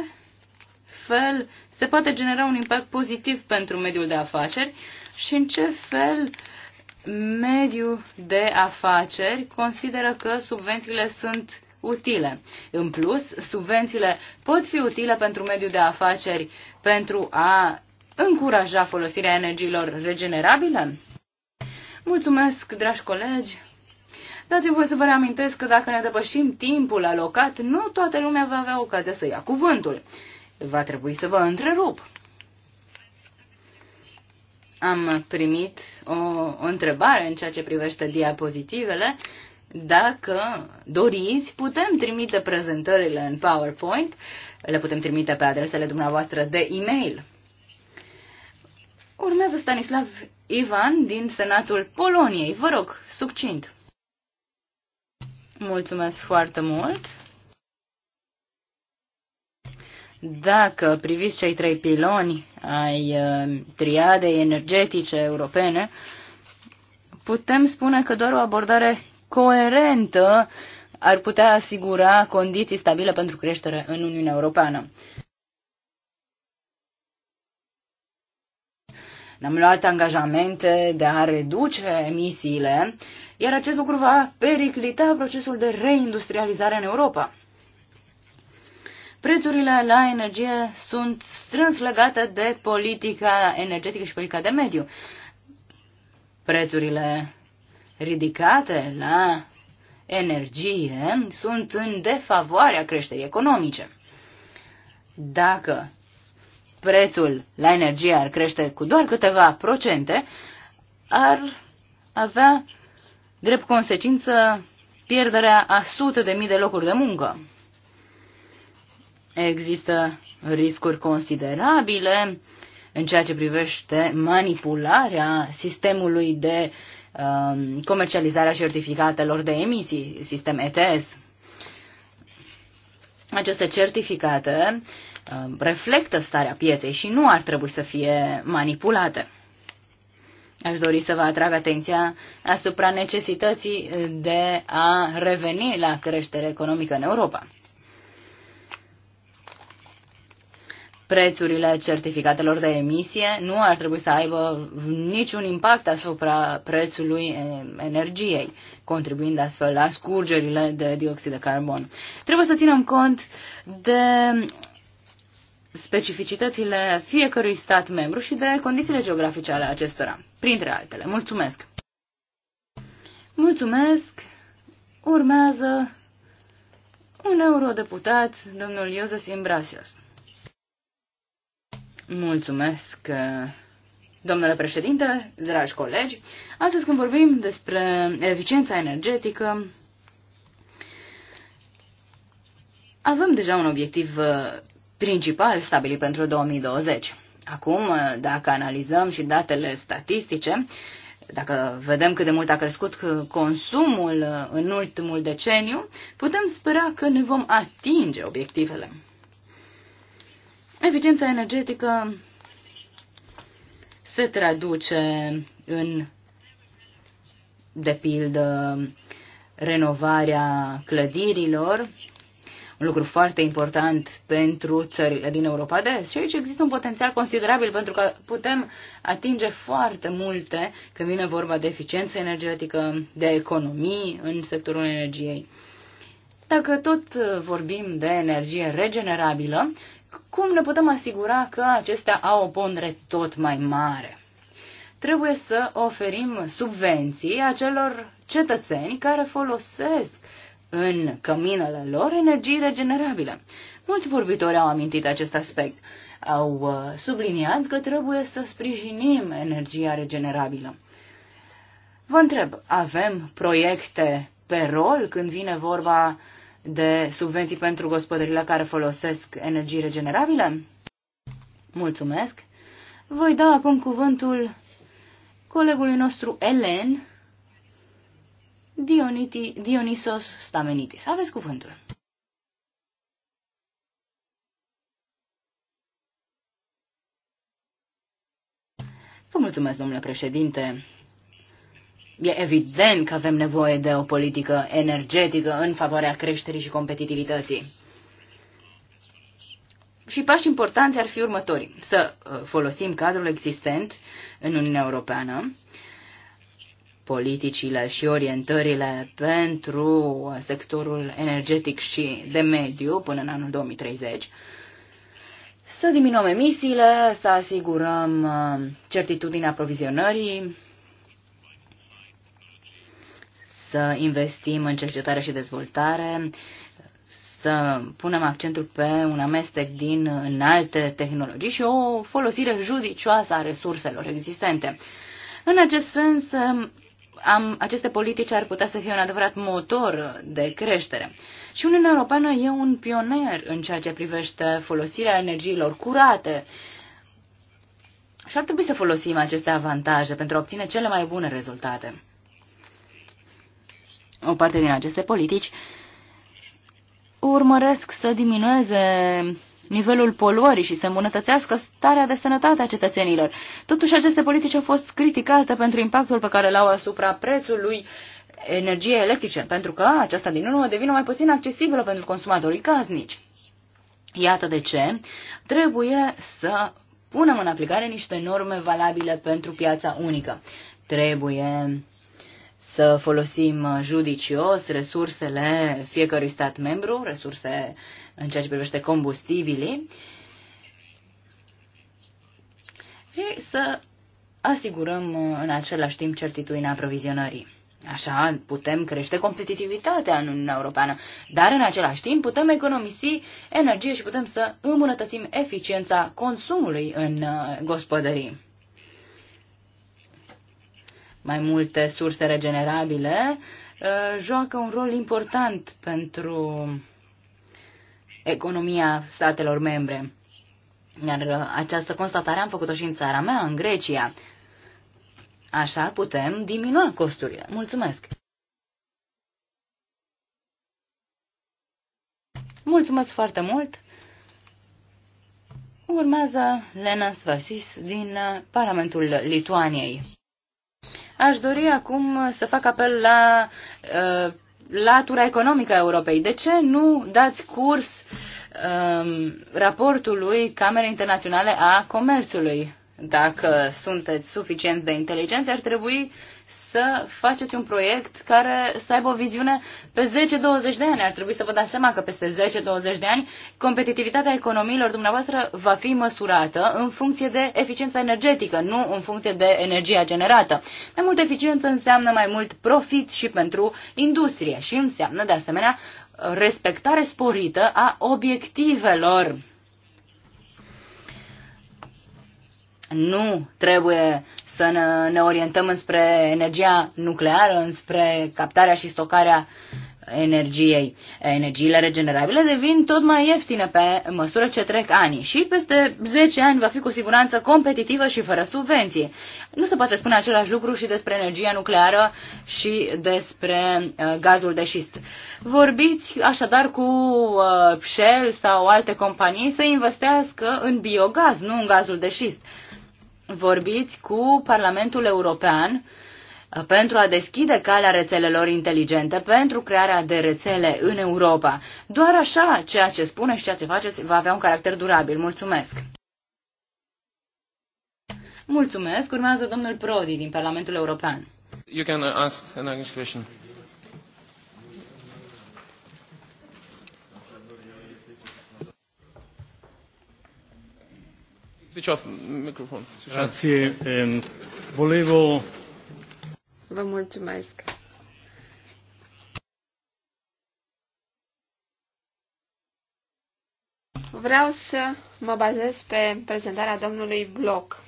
fel se poate genera un impact pozitiv pentru mediul de afaceri și în ce fel mediu de afaceri consideră că subvențiile sunt utile. În plus, subvențiile pot fi utile pentru mediul de afaceri pentru a încuraja folosirea energiilor regenerabile? Mulțumesc, dragi colegi! Dați-mi voi să vă reamintesc că dacă ne depășim timpul alocat, nu toată lumea va avea ocazia să ia cuvântul. Va trebui să vă întrerup am primit o, o întrebare în ceea ce privește diapozitivele. Dacă doriți, putem trimite prezentările în PowerPoint, le putem trimite pe adresele dumneavoastră de e-mail. Urmează Stanislav Ivan din Senatul Poloniei. Vă rog, succint! Mulțumesc foarte mult! Dacă priviți cei trei piloni ai uh, triadei energetice europene, putem spune că doar o abordare coerentă ar putea asigura condiții stabile pentru creștere în Uniunea Europeană. Ne-am luat angajamente de a reduce emisiile, iar acest lucru va periclita procesul de reindustrializare în Europa. Prețurile la energie sunt strâns legate de politica energetică și politica de mediu. Prețurile ridicate la energie sunt în defavoarea creșterii economice. Dacă prețul la energie ar crește cu doar câteva procente, ar avea drept consecință pierderea a sute de mii de locuri de muncă. Există riscuri considerabile în ceea ce privește manipularea sistemului de uh, comercializare a certificatelor de emisii, sistem ETS. Aceste certificate um, reflectă starea pieței și nu ar trebui să fie manipulate. Aș dori să vă atrag atenția asupra necesității de a reveni la creștere economică în Europa. prețurile certificatelor de emisie nu ar trebui să aibă niciun impact asupra prețului energiei, contribuind astfel la scurgerile de dioxid de carbon. Trebuie să ținem cont de specificitățile fiecărui stat membru și de condițiile geografice ale acestora, printre altele. Mulțumesc! Mulțumesc! Urmează un eurodeputat, domnul Iosef Imbrasios. Mulțumesc, domnule președinte, dragi colegi. Astăzi când vorbim despre eficiența energetică, avem deja un obiectiv uh, principal stabilit pentru 2020. Acum, uh, dacă analizăm și datele statistice, dacă vedem cât de mult a crescut uh, consumul în ultimul deceniu, putem spera că ne vom atinge obiectivele. Eficiența energetică se traduce în, de pildă, renovarea clădirilor, un lucru foarte important pentru țările din Europa de Est. Și aici există un potențial considerabil pentru că putem atinge foarte multe când vine vorba de eficiență energetică, de economii în sectorul energiei. Dacă tot vorbim de energie regenerabilă, cum ne putem asigura că acestea au o pondere tot mai mare? Trebuie să oferim subvenții acelor cetățeni care folosesc în căminele lor energii regenerabile. Mulți vorbitori au amintit acest aspect. Au uh, subliniat că trebuie să sprijinim energia regenerabilă. Vă întreb, avem proiecte pe rol când vine vorba de subvenții pentru gospodările care folosesc energii regenerabile? Mulțumesc! Voi da acum cuvântul colegului nostru Elen Dioniti, Dionisos Stamenitis. Aveți cuvântul. Vă mulțumesc, domnule președinte. E evident că avem nevoie de o politică energetică în favoarea creșterii și competitivității. Și pași importanți ar fi următorii. Să uh, folosim cadrul existent în Uniunea Europeană, politicile și orientările pentru uh, sectorul energetic și de mediu până în anul 2030, să diminuăm emisiile, să asigurăm uh, certitudinea aprovizionării, să investim în cercetare și dezvoltare, să punem accentul pe un amestec din alte tehnologii și o folosire judicioasă a resurselor existente. În acest sens, am, aceste politici ar putea să fie un adevărat motor de creștere. Și Uniunea Europeană e un pionier în ceea ce privește folosirea energiilor curate. Și ar trebui să folosim aceste avantaje pentru a obține cele mai bune rezultate o parte din aceste politici urmăresc să diminueze nivelul poluării și să îmbunătățească starea de sănătate a cetățenilor. Totuși, aceste politici au fost criticate pentru impactul pe care l-au asupra prețului energiei electrice, pentru că aceasta din urmă devine mai puțin accesibilă pentru consumatorii casnici. Iată de ce trebuie să punem în aplicare niște norme valabile pentru piața unică. Trebuie să folosim judicios resursele fiecărui stat membru, resurse în ceea ce privește combustibilii, și să asigurăm în același timp certitudinea aprovizionării. Așa putem crește competitivitatea în Uniunea Europeană, dar în același timp putem economisi energie și putem să îmbunătățim eficiența consumului în uh, gospodării mai multe surse regenerabile, uh, joacă un rol important pentru economia statelor membre. Iar uh, această constatare am făcut-o și în țara mea, în Grecia. Așa putem diminua costurile. Mulțumesc! Mulțumesc foarte mult! Urmează Lena Svarsis din uh, Parlamentul Lituaniei. Aș dori acum să fac apel la uh, latura economică a Europei. De ce nu dați curs um, raportului Camerei Internaționale a Comerțului? Dacă sunteți suficient de inteligenți, ar trebui să faceți un proiect care să aibă o viziune pe 10-20 de ani. Ar trebui să vă dați seama că peste 10-20 de ani competitivitatea economiilor dumneavoastră va fi măsurată în funcție de eficiența energetică, nu în funcție de energia generată. Mai mult eficiență înseamnă mai mult profit și pentru industrie și înseamnă de asemenea respectare sporită a obiectivelor nu trebuie să ne orientăm înspre energia nucleară, înspre captarea și stocarea energiei. Energiile regenerabile devin tot mai ieftine pe măsură ce trec ani și peste 10 ani va fi cu siguranță competitivă și fără subvenție. Nu se poate spune același lucru și despre energia nucleară și despre uh, gazul de șist. Vorbiți așadar cu uh, Shell sau alte companii să investească în biogaz, nu în gazul de șist. Uh, vorbiți cu Parlamentul European uh, pentru a deschide calea rețelelor inteligente, pentru crearea de rețele în Europa. Doar așa ceea ce spuneți, ceea ce faceți, va avea un caracter durabil. Mulțumesc! Mulțumesc. Urmează domnul Prodi din Parlamentul European. You can ask an English question. Ehm, Vă mulțumesc. Vreau să mă bazez pe prezentarea domnului Bloc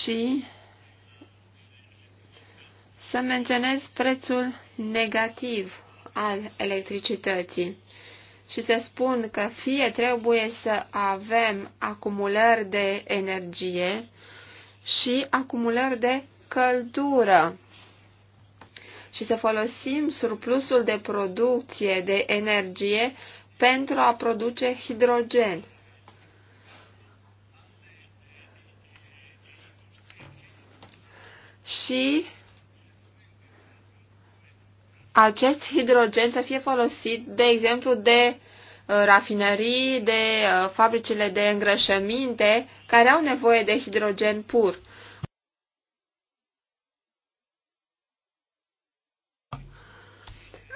și să menționez prețul negativ al electricității și se spun că fie trebuie să avem acumulări de energie și acumulări de căldură și să folosim surplusul de producție de energie pentru a produce hidrogen. Și acest hidrogen să fie folosit, de exemplu, de uh, rafinării, de uh, fabricile de îngrășăminte care au nevoie de hidrogen pur.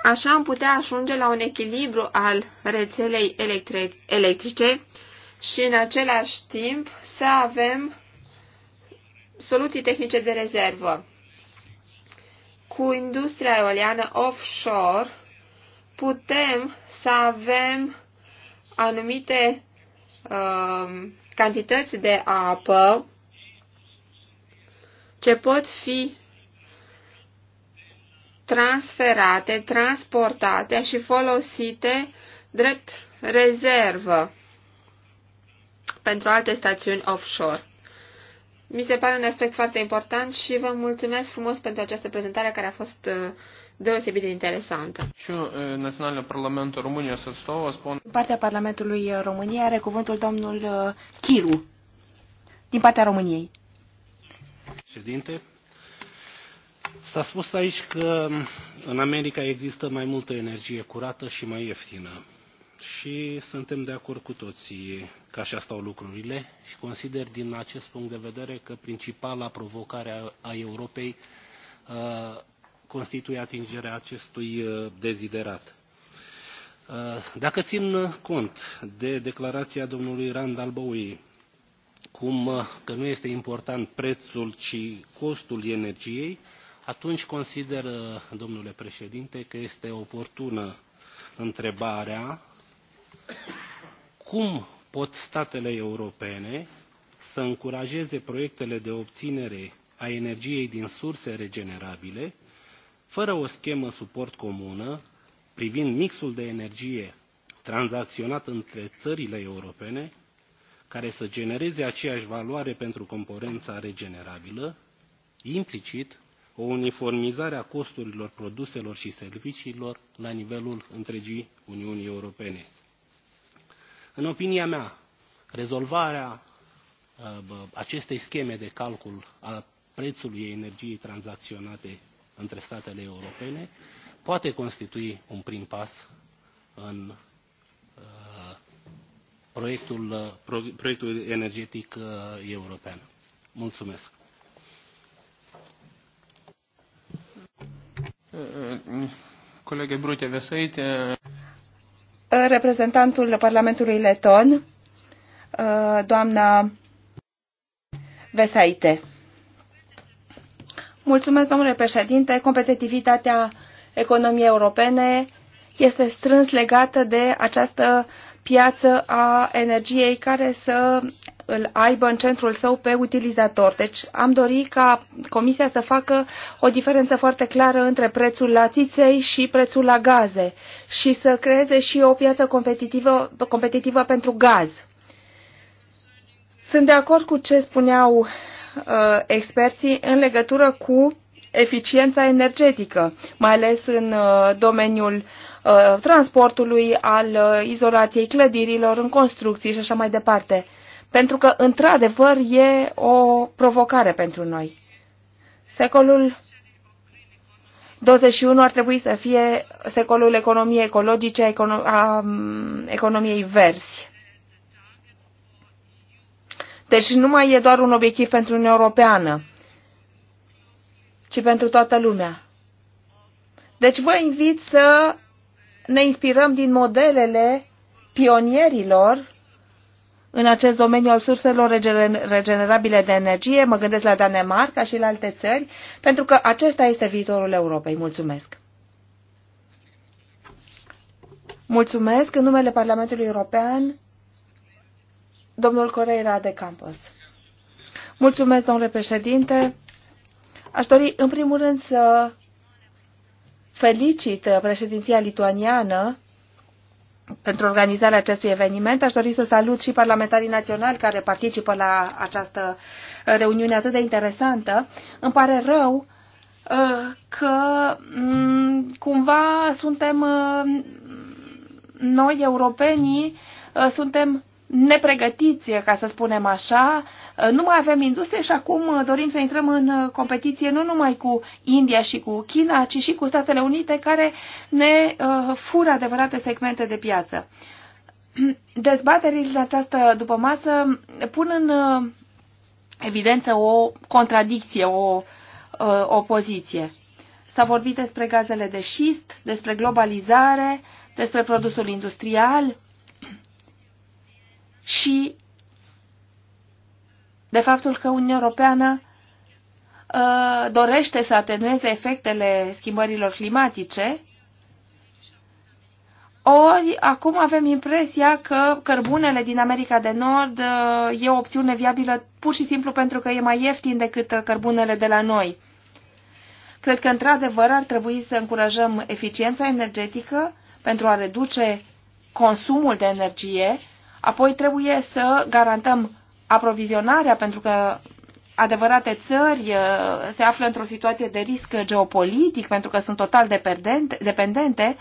Așa am putea ajunge la un echilibru al rețelei electrice și în același timp să avem soluții tehnice de rezervă cu industria eoliană offshore putem să avem anumite uh, cantități de apă ce pot fi transferate, transportate și folosite drept rezervă pentru alte stațiuni offshore. Mi se pare un aspect foarte important și vă mulțumesc frumos pentru această prezentare care a fost uh, deosebit de interesantă. Și uh, Naționalul Parlamentul României să stau, spun... Din partea Parlamentului României are cuvântul domnul uh, Chiru, din partea României. Ședinte, s-a spus aici că în America există mai multă energie curată și mai ieftină și suntem de acord cu toții că așa stau lucrurile și consider din acest punct de vedere că principala provocare a Europei uh, constituie atingerea acestui uh, deziderat. Uh, dacă țin cont de declarația domnului Rand Alboui, cum că nu este important prețul, ci costul energiei, atunci consider, domnule președinte, că este oportună întrebarea cum pot statele europene să încurajeze proiectele de obținere a energiei din surse regenerabile, fără o schemă suport comună privind mixul de energie tranzacționat între țările europene, care să genereze aceeași valoare pentru componența regenerabilă, implicit o uniformizare a costurilor produselor și serviciilor la nivelul întregii Uniunii Europene. În opinia mea, rezolvarea uh, acestei scheme de calcul al prețului energiei tranzacționate între statele europene poate constitui un prim pas în uh, proiectul, uh, proiectul energetic european. Mulțumesc! Colegă Brute Vesăite reprezentantul Parlamentului Leton, uh, doamna Vesaite. Mulțumesc, domnule președinte. Competitivitatea economiei europene este strâns legată de această piață a energiei care să îl aibă în centrul său pe utilizator. Deci am dorit ca Comisia să facă o diferență foarte clară între prețul la țiței și prețul la gaze și să creeze și o piață competitivă, competitivă pentru gaz. Sunt de acord cu ce spuneau uh, experții în legătură cu eficiența energetică, mai ales în uh, domeniul uh, transportului, al uh, izolației clădirilor în construcții și așa mai departe pentru că, într-adevăr, e o provocare pentru noi. Secolul 21 ar trebui să fie secolul economiei ecologice, econo a economiei verzi. Deci nu mai e doar un obiectiv pentru Uniunea Europeană, ci pentru toată lumea. Deci vă invit să ne inspirăm din modelele pionierilor în acest domeniu al surselor regenerabile de energie, mă gândesc la Danemarca și la alte țări, pentru că acesta este viitorul Europei. Mulțumesc! Mulțumesc în numele Parlamentului European, domnul Correira de Campos. Mulțumesc, domnule președinte. Aș dori, în primul rând, să felicit președinția lituaniană pentru organizarea acestui eveniment. Aș dori să salut și parlamentarii naționali care participă la această uh, reuniune atât de interesantă. Îmi pare rău uh, că mm, cumva suntem uh, noi, europenii, suntem nepregătiți, ca să spunem așa, nu mai avem industrie și acum dorim să intrăm în competiție nu numai cu India și cu China, ci și cu Statele Unite, care ne uh, fură adevărate segmente de piață. Dezbaterile în această după masă pun în uh, evidență o contradicție, o uh, opoziție. S-a vorbit despre gazele de șist, despre globalizare, despre produsul industrial, și de faptul că Uniunea Europeană uh, dorește să atenueze efectele schimbărilor climatice, ori acum avem impresia că cărbunele din America de Nord uh, e o opțiune viabilă pur și simplu pentru că e mai ieftin decât cărbunele de la noi. Cred că, într-adevăr, ar trebui să încurajăm eficiența energetică pentru a reduce consumul de energie Apoi trebuie să garantăm aprovizionarea, pentru că adevărate țări uh, se află într-o situație de risc geopolitic, pentru că sunt total dependente.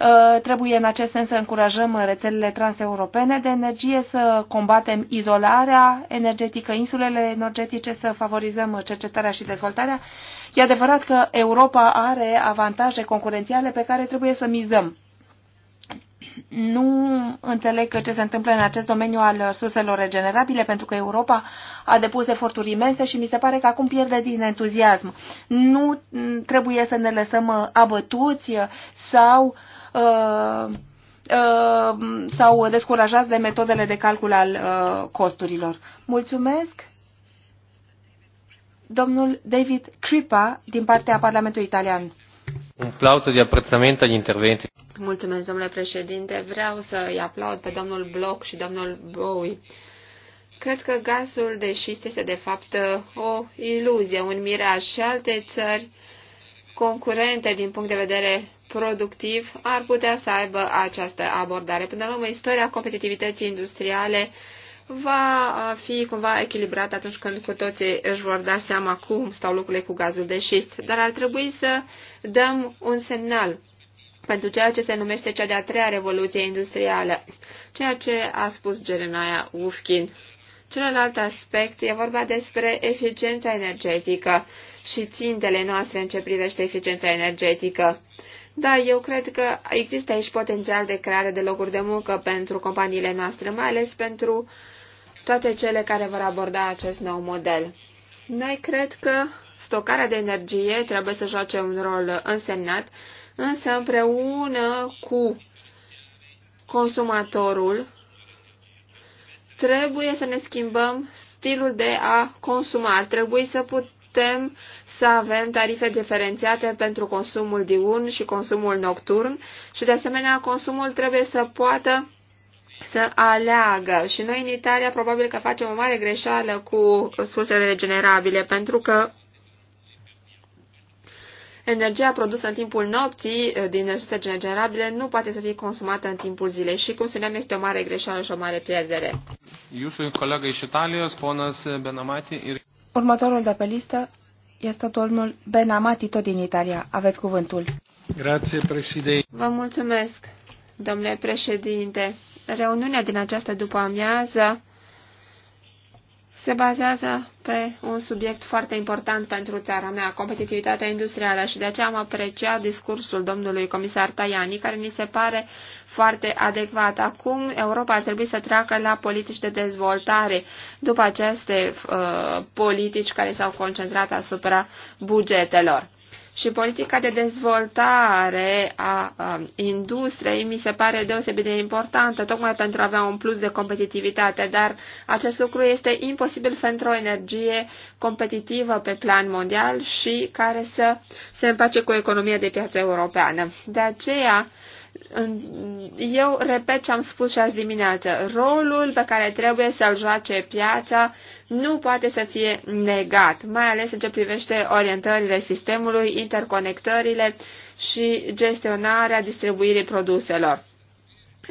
Uh, trebuie în acest sens să încurajăm rețelele transeuropene de energie, să combatem izolarea energetică, insulele energetice, să favorizăm cercetarea și dezvoltarea. E adevărat că Europa are avantaje concurențiale pe care trebuie să mizăm nu înțeleg ce se întâmplă în acest domeniu al surselor regenerabile, pentru că Europa a depus eforturi imense și mi se pare că acum pierde din entuziasm. Nu trebuie să ne lăsăm uh, abătuți sau, uh, uh, sau descurajați de metodele de calcul al uh, costurilor. Mulțumesc! Domnul David Cripa din partea Parlamentului Italian. Un plauso de apprezzamento agli interventi. Mulțumesc, domnule președinte. Vreau să-i aplaud pe domnul Bloch și domnul Bowie. Cred că gazul de șist este de fapt o iluzie, un miraj și alte țări concurente din punct de vedere productiv ar putea să aibă această abordare. Până la urmă, istoria competitivității industriale va fi cumva echilibrat atunci când cu toții își vor da seama cum stau lucrurile cu gazul de șist, dar ar trebui să dăm un semnal pentru ceea ce se numește cea de-a treia revoluție industrială, ceea ce a spus Jeremiah Ufkin. Celălalt aspect e vorba despre eficiența energetică și țintele noastre în ce privește eficiența energetică. Da, eu cred că există aici potențial de creare de locuri de muncă pentru companiile noastre, mai ales pentru uh, toate cele care vor aborda acest nou model. Noi cred că stocarea de energie trebuie să joace un rol însemnat, însă împreună cu consumatorul trebuie să ne schimbăm stilul de a consuma. Trebuie să putem să avem tarife diferențiate pentru consumul diurn și consumul nocturn și de asemenea consumul trebuie să poată să aleagă. Și noi în Italia probabil că facem o mare greșeală cu sursele regenerabile, pentru că energia produsă în timpul nopții eh, din sursele regenerabile nu poate să fie consumată în timpul zilei și, cum spuneam, este o mare greșeală și o mare pierdere. Următorul de pe listă este domnul Benamati, tot din Italia. Aveți cuvântul. Grazie, președinte. Vă mulțumesc, domnule președinte reuniunea din această după-amiază se bazează pe un subiect foarte important pentru țara mea, competitivitatea industrială și de aceea am apreciat discursul domnului comisar Tajani, care mi se pare foarte adecvat. Acum Europa ar trebui să treacă la politici de dezvoltare după aceste uh, politici care s-au concentrat asupra bugetelor și politica de dezvoltare a, industriei mi se pare deosebit de importantă, tocmai pentru a avea un plus de competitivitate, dar acest lucru este imposibil pentru o energie competitivă pe plan mondial și care să se împace cu economia de piață europeană. De aceea, eu repet ce am spus și azi dimineață, rolul pe care trebuie să-l joace piața nu poate să fie negat, mai ales în ce privește orientările sistemului, interconectările și gestionarea distribuirii produselor.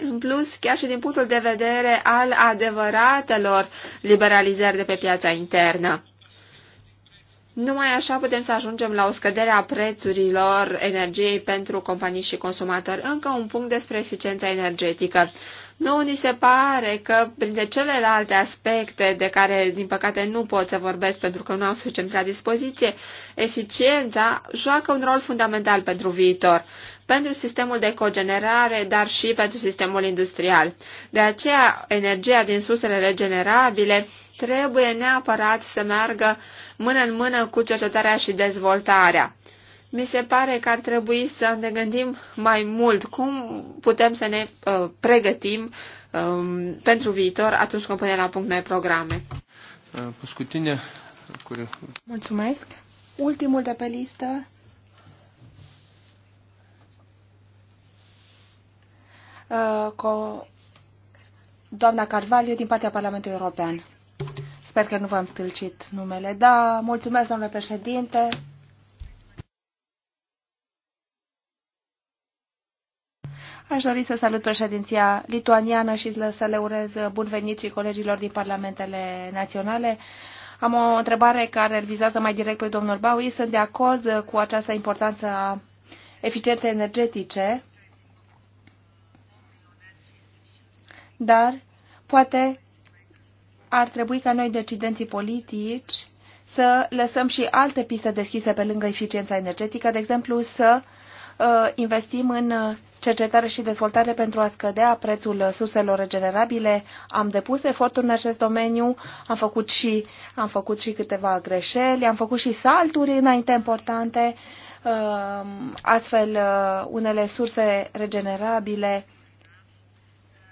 În plus, chiar și din punctul de vedere al adevăratelor liberalizări de pe piața internă. Numai așa putem să ajungem la o scădere a prețurilor energiei pentru companii și consumatori. Încă un punct despre eficiența energetică. Nu ni se pare că printre celelalte aspecte de care, din păcate, nu pot să vorbesc pentru că nu am suficient la dispoziție, eficiența joacă un rol fundamental pentru viitor, pentru sistemul de cogenerare, dar și pentru sistemul industrial. De aceea, energia din sursele regenerabile trebuie neapărat să meargă mână în mână cu cercetarea și dezvoltarea. Mi se pare că ar trebui să ne gândim mai mult cum putem să ne uh, pregătim uh, pentru viitor atunci când punem la punct noi programe. Uh, Pascutine, Mulțumesc. Ultimul de pe listă. Uh, cu doamna Carvalho din partea Parlamentului European. Sper că nu v-am stâlcit numele. Da, mulțumesc, domnule președinte. Aș dori să salut președinția lituaniană și să le urez bun venit și colegilor din parlamentele naționale. Am o întrebare care îl vizează mai direct pe domnul Baui. Sunt de acord cu această importanță a eficienței energetice, dar poate ar trebui ca noi, decidenții politici, să lăsăm și alte piste deschise pe lângă eficiența energetică, de exemplu să uh, investim în uh, cercetare și dezvoltare pentru a scădea prețul uh, surselor regenerabile. Am depus eforturi în acest domeniu, am făcut și, am făcut și câteva greșeli, am făcut și salturi înainte importante, astfel unele surse regenerabile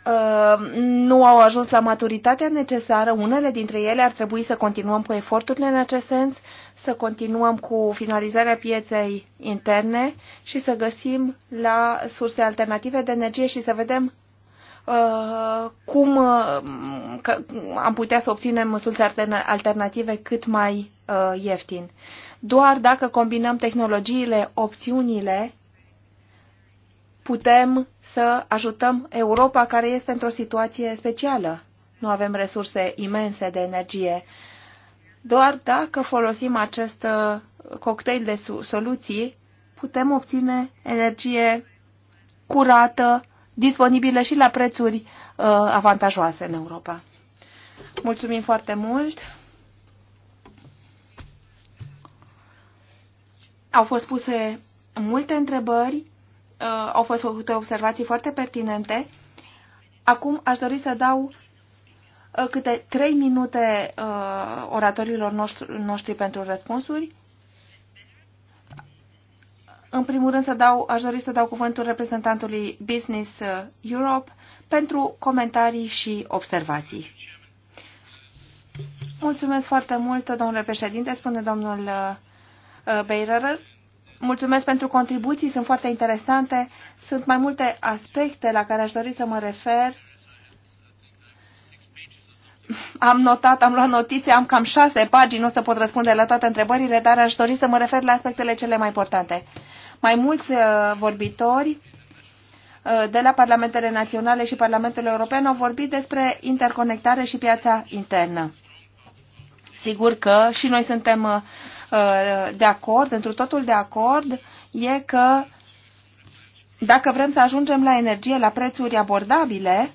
Uh, nu au ajuns la maturitatea necesară. Unele dintre ele ar trebui să continuăm cu eforturile în acest sens, să continuăm cu finalizarea pieței interne și să găsim la surse alternative de energie și să vedem uh, cum uh, am putea să obținem surse alternative cât mai ieftin. Doar dacă combinăm tehnologiile, opțiunile putem să ajutăm Europa care este într-o situație specială. Nu avem resurse imense de energie. Doar dacă folosim acest uh, cocktail de soluții, putem obține energie curată, disponibilă și la prețuri uh, avantajoase în Europa. Mulțumim foarte mult! Au fost puse multe întrebări uh, au fost făcute observații foarte pertinente. Acum aș dori să dau uh, câte trei minute uh, oratorilor noștri, noștri pentru răspunsuri. În primul rând să dau, aș dori să dau cuvântul reprezentantului Business uh, Europe pentru comentarii și observații. Mulțumesc foarte mult, domnule președinte, spune domnul uh, Beirer. Mulțumesc pentru contribuții, sunt foarte interesante. Sunt mai multe aspecte la care aș dori să mă refer. Am notat, am luat notițe, am cam șase pagini, nu o să pot răspunde la toate întrebările, dar aș dori să mă refer la aspectele cele mai importante. Mai mulți uh, vorbitori uh, de la Parlamentele Naționale și Parlamentul European au vorbit despre interconectare și piața internă. Sigur că și noi suntem uh, de acord, întru totul de acord, e că dacă vrem să ajungem la energie la prețuri abordabile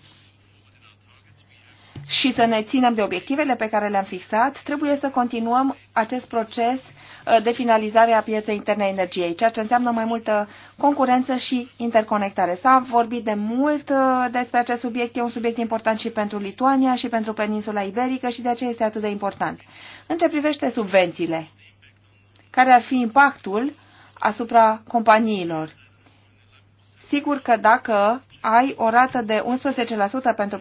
și să ne ținem de obiectivele pe care le-am fixat, trebuie să continuăm acest proces uh, de finalizare a pieței interne a energiei, ceea ce înseamnă mai multă concurență și interconectare. S-a vorbit de mult uh, despre acest subiect, e un subiect important și pentru Lituania și pentru peninsula iberică și de aceea este atât de important. În ce privește subvențiile, care ar fi impactul asupra companiilor. Sigur că dacă ai o rată de 11% pentru,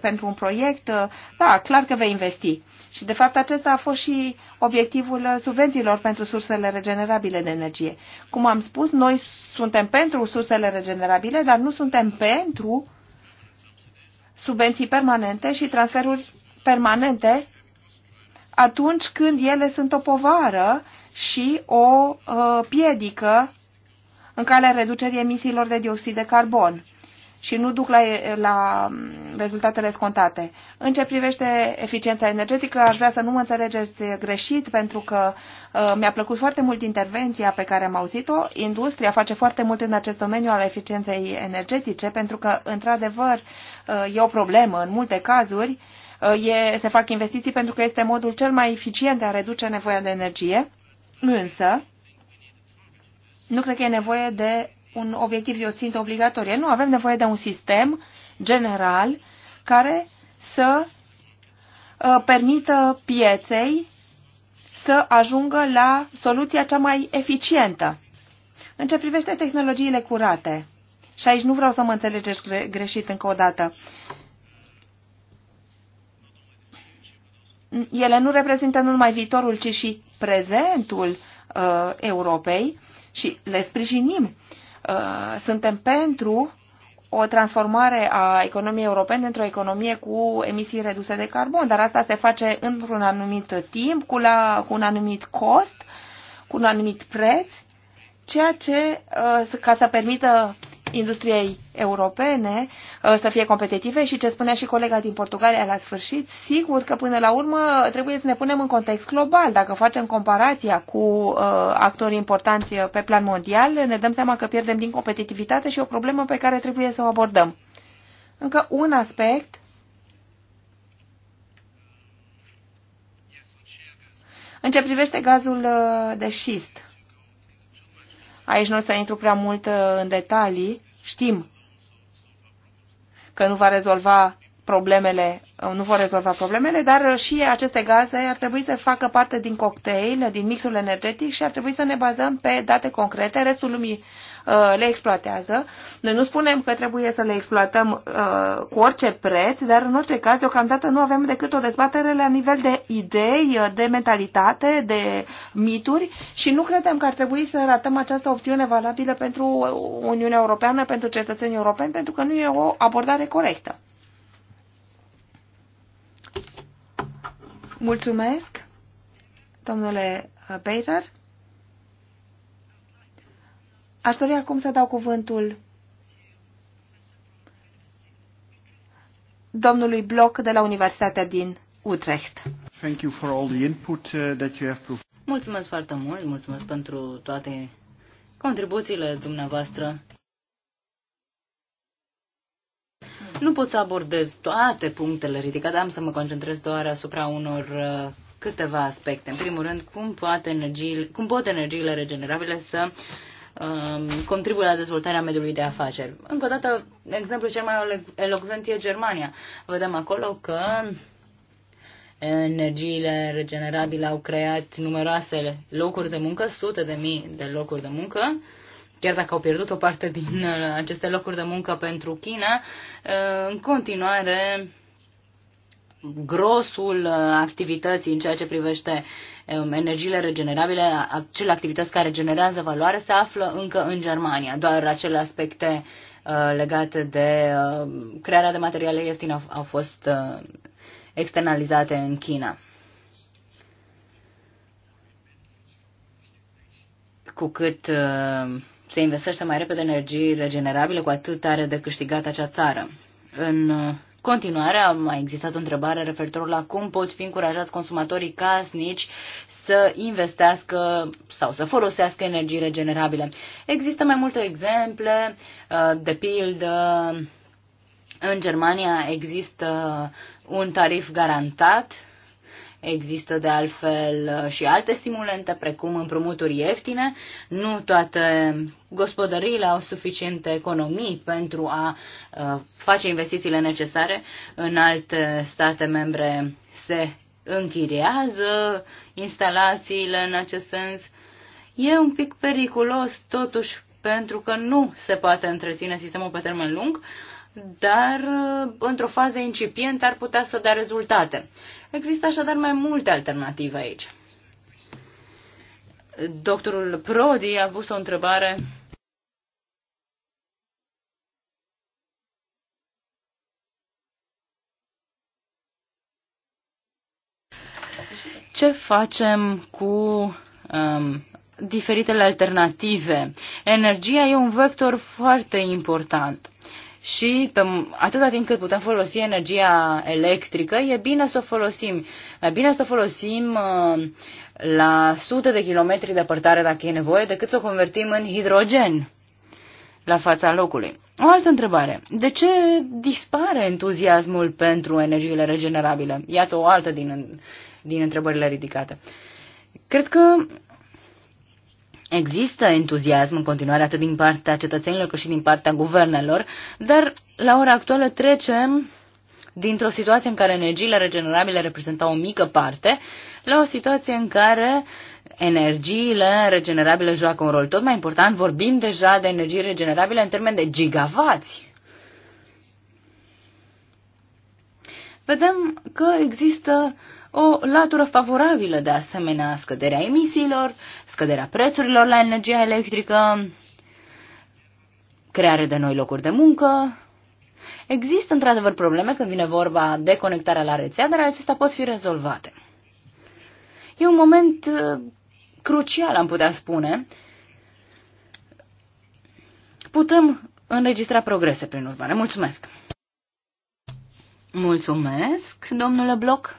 pentru un proiect, da, clar că vei investi. Și, de fapt, acesta a fost și obiectivul subvențiilor pentru sursele regenerabile de energie. Cum am spus, noi suntem pentru sursele regenerabile, dar nu suntem pentru subvenții permanente și transferuri permanente atunci când ele sunt o povară și o uh, piedică în calea reducerii emisiilor de dioxid de carbon și nu duc la, la mm, rezultatele scontate. În ce privește eficiența energetică, aș vrea să nu mă înțelegeți greșit, pentru că uh, mi-a plăcut foarte mult intervenția pe care am auzit-o. Industria face foarte mult în acest domeniu al eficienței energetice, pentru că, într-adevăr, uh, e o problemă în multe cazuri. Uh, e, se fac investiții pentru că este modul cel mai eficient de a reduce nevoia de energie Însă, nu cred că e nevoie de un obiectiv, de o țintă obligatorie. Nu, avem nevoie de un sistem general care să uh, permită pieței să ajungă la soluția cea mai eficientă. În ce privește tehnologiile curate, și aici nu vreau să mă înțelegeți greșit încă o dată, ele nu reprezintă nu numai viitorul, ci și prezentul uh, Europei și le sprijinim. Uh, suntem pentru o transformare a economiei europene într-o economie cu emisii reduse de carbon, dar asta se face într-un anumit timp, cu, la, cu un anumit cost, cu un anumit preț, ceea ce, uh, ca să permită industriei europene uh, să fie competitive și ce spunea și colega din Portugalia la sfârșit, sigur că până la urmă trebuie să ne punem în context global. Dacă facem comparația cu uh, actorii importanți uh, pe plan mondial, ne dăm seama că pierdem din competitivitate și o problemă pe care trebuie să o abordăm. Încă un aspect în ce privește gazul de șist. Aici nu o să intru prea mult uh, în detalii. Știm că nu va rezolva problemele, nu vor rezolva problemele, dar și aceste gaze ar trebui să facă parte din cocktail, din mixul energetic și ar trebui să ne bazăm pe date concrete. Restul lumii uh, le exploatează. Noi nu spunem că trebuie să le exploatăm uh, cu orice preț, dar în orice caz, deocamdată nu avem decât o dezbatere la nivel de idei, uh, de mentalitate, de mituri și nu credem că ar trebui să ratăm această opțiune valabilă pentru Uniunea Europeană, pentru cetățenii europeni, pentru că nu e o abordare corectă. Mulțumesc, domnule Peter. Uh, Aș dori acum să dau cuvântul domnului Bloch de la Universitatea din Utrecht. Thank you for all the input uh, that you have mulțumesc foarte mult, mulțumesc pentru toate contribuțiile dumneavoastră. Nu pot să abordez toate punctele ridicate, am să mă concentrez doar asupra unor uh, câteva aspecte. În primul rând, cum, poate energiile, cum pot energiile regenerabile să um, contribuie la dezvoltarea mediului de afaceri. Încă o dată, exemplu cel mai elocvent e Germania. Vedem acolo că energiile regenerabile au creat numeroase locuri de muncă, sute de mii de locuri de muncă, Chiar dacă au pierdut o parte din uh, aceste locuri de muncă pentru China, uh, în continuare grosul uh, activității în ceea ce privește um, energiile regenerabile, acele activități care generează valoare, se află încă în Germania. Doar acele aspecte legate de crearea de materiale ieftine au fost externalizate în China. Cu cât uh, se investește mai repede energii regenerabile, cu atât are de câștigat acea țară. În uh, continuare, a mai existat o întrebare referitor la cum pot fi încurajați consumatorii casnici să investească sau să folosească energii regenerabile. Există mai multe exemple, uh, de pildă în Germania există un tarif garantat Există de altfel și alte stimulente, precum împrumuturi ieftine. Nu toate gospodăriile au suficiente economii pentru a face investițiile necesare. În alte state membre se închiriază instalațiile în acest sens. E un pic periculos, totuși, pentru că nu se poate întreține sistemul pe termen lung, dar într-o fază incipientă ar putea să dea rezultate. Există așadar mai multe alternative aici. Doctorul Prodi a pus o întrebare ce facem cu um, diferitele alternative. Energia e un vector foarte important și pe, atâta timp cât putem folosi energia electrică, e bine să o folosim. Mai bine să o folosim uh, la sute de kilometri departare dacă e nevoie, decât să o convertim în hidrogen la fața locului. O altă întrebare. De ce dispare entuziasmul pentru energiile regenerabile? Iată o altă din, din întrebările ridicate. Cred că Există entuziasm în continuare atât din partea cetățenilor cât și din partea guvernelor, dar la ora actuală trecem dintr-o situație în care energiile regenerabile reprezentau o mică parte la o situație în care energiile regenerabile joacă un rol tot mai important. Vorbim deja de energii regenerabile în termen de gigavați. vedem că există o latură favorabilă de asemenea scăderea emisiilor, scăderea prețurilor la energia electrică, creare de noi locuri de muncă. Există într-adevăr probleme când vine vorba de conectarea la rețea, dar acestea pot fi rezolvate. E un moment uh, crucial, am putea spune. Putem înregistra progrese, prin urmare. Mulțumesc! Mulțumesc, domnule Bloc.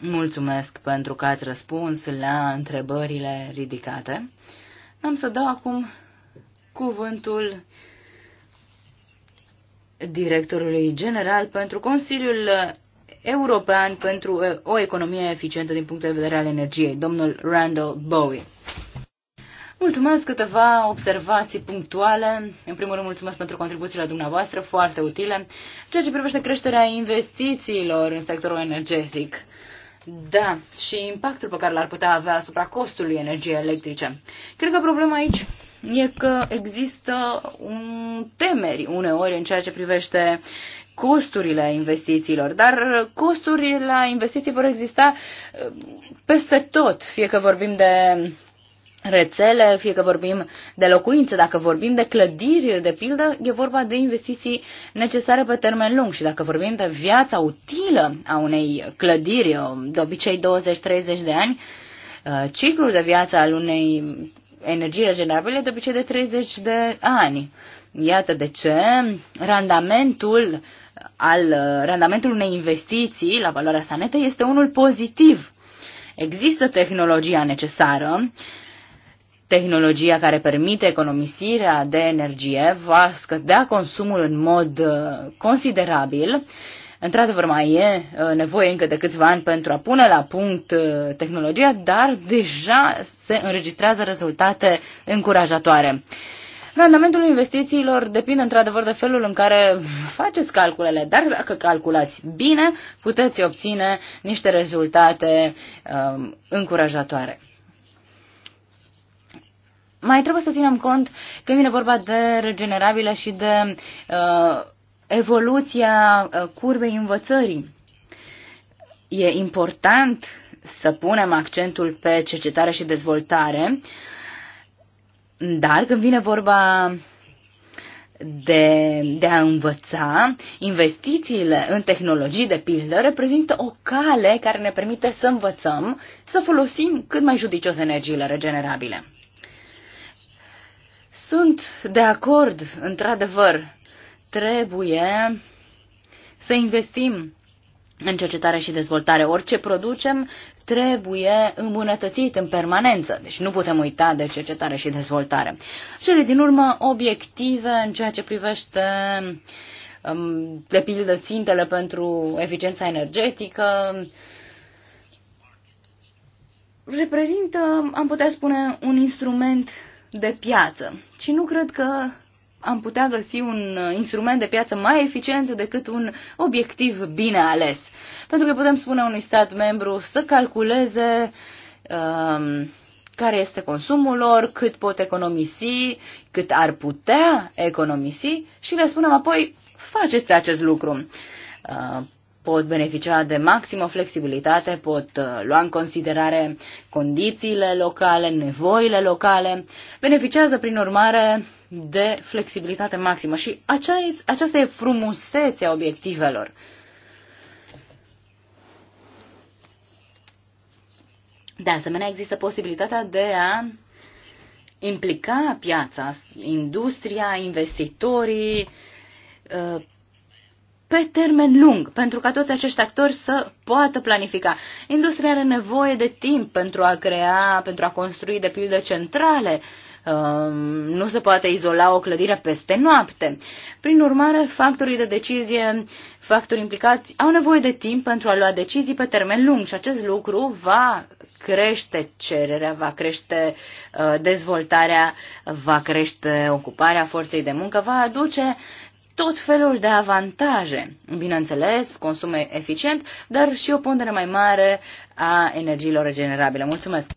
Mulțumesc pentru că ați răspuns la întrebările ridicate. Am să dau acum cuvântul directorului general pentru Consiliul European pentru o economie eficientă din punct de vedere al energiei, domnul Randall Bowie. Mulțumesc câteva observații punctuale. În primul rând, mulțumesc pentru contribuțiile dumneavoastră, foarte utile. Ceea ce privește creșterea investițiilor în sectorul energetic. Da, și impactul pe care l-ar putea avea asupra costului energiei electrice. Cred că problema aici e că există un temeri uneori în ceea ce privește costurile investițiilor, dar costurile la investiții vor exista eh, peste tot, fie că vorbim de rețele, fie că vorbim de locuințe, dacă vorbim de clădiri, de pildă, e vorba de investiții necesare pe termen lung și dacă vorbim de viața utilă a unei clădiri, de obicei 20-30 de ani, uh, ciclul de viață al unei energii regenerabile de obicei de 30 de ani. Iată de ce randamentul al uh, randamentul unei investiții la valoarea sa netă este unul pozitiv. Există tehnologia necesară, tehnologia care permite economisirea de energie va scădea consumul în mod uh, considerabil. Într-adevăr, mai e uh, nevoie încă de câțiva ani pentru a pune la punct uh, tehnologia, dar deja se înregistrează rezultate încurajatoare. Randamentul investițiilor depinde într-adevăr de felul în care faceți calculele, dar dacă calculați bine, puteți obține niște rezultate um, încurajatoare mai trebuie să ținem cont când vine vorba de regenerabile și de uh, evoluția uh, curbei învățării. E important să punem accentul pe cercetare și dezvoltare, dar când vine vorba de, de a învăța, investițiile în tehnologii, de pildă, reprezintă o cale care ne permite să învățăm, să folosim cât mai judicios energiile regenerabile. Sunt de acord, într-adevăr. Trebuie să investim în cercetare și dezvoltare. Orice producem trebuie îmbunătățit în permanență, deci nu putem uita de cercetare și dezvoltare. Cele din urmă obiective în ceea ce privește um, de pildă țintele pentru eficiența energetică reprezintă, am putea spune, un instrument de piață. Și nu cred că am putea găsi un uh, instrument de piață mai eficient decât un obiectiv bine ales. Pentru că putem spune unui stat membru să calculeze um, care este consumul lor, cât pot economisi, cât ar putea economisi și le spunem apoi faceți acest lucru. Uh, pot beneficia de maximă flexibilitate, pot uh, lua în considerare condițiile locale, nevoile locale, beneficiază prin urmare de flexibilitate maximă și acea, aceasta e frumusețea obiectivelor. De asemenea, există posibilitatea de a implica piața, industria, investitorii, uh, pe termen lung, pentru ca toți acești actori să poată planifica. Industria are nevoie de timp pentru a crea, pentru a construi, de pildă, centrale. Um, nu se poate izola o clădire peste noapte. Prin urmare, factorii de decizie, factorii implicați, au nevoie de timp pentru a lua decizii pe termen lung și acest lucru va crește cererea, va crește uh, dezvoltarea, va crește ocuparea forței de muncă, va aduce tot felul de avantaje. Bineînțeles, consum eficient, dar și o pondere mai mare a energiilor regenerabile. Mulțumesc!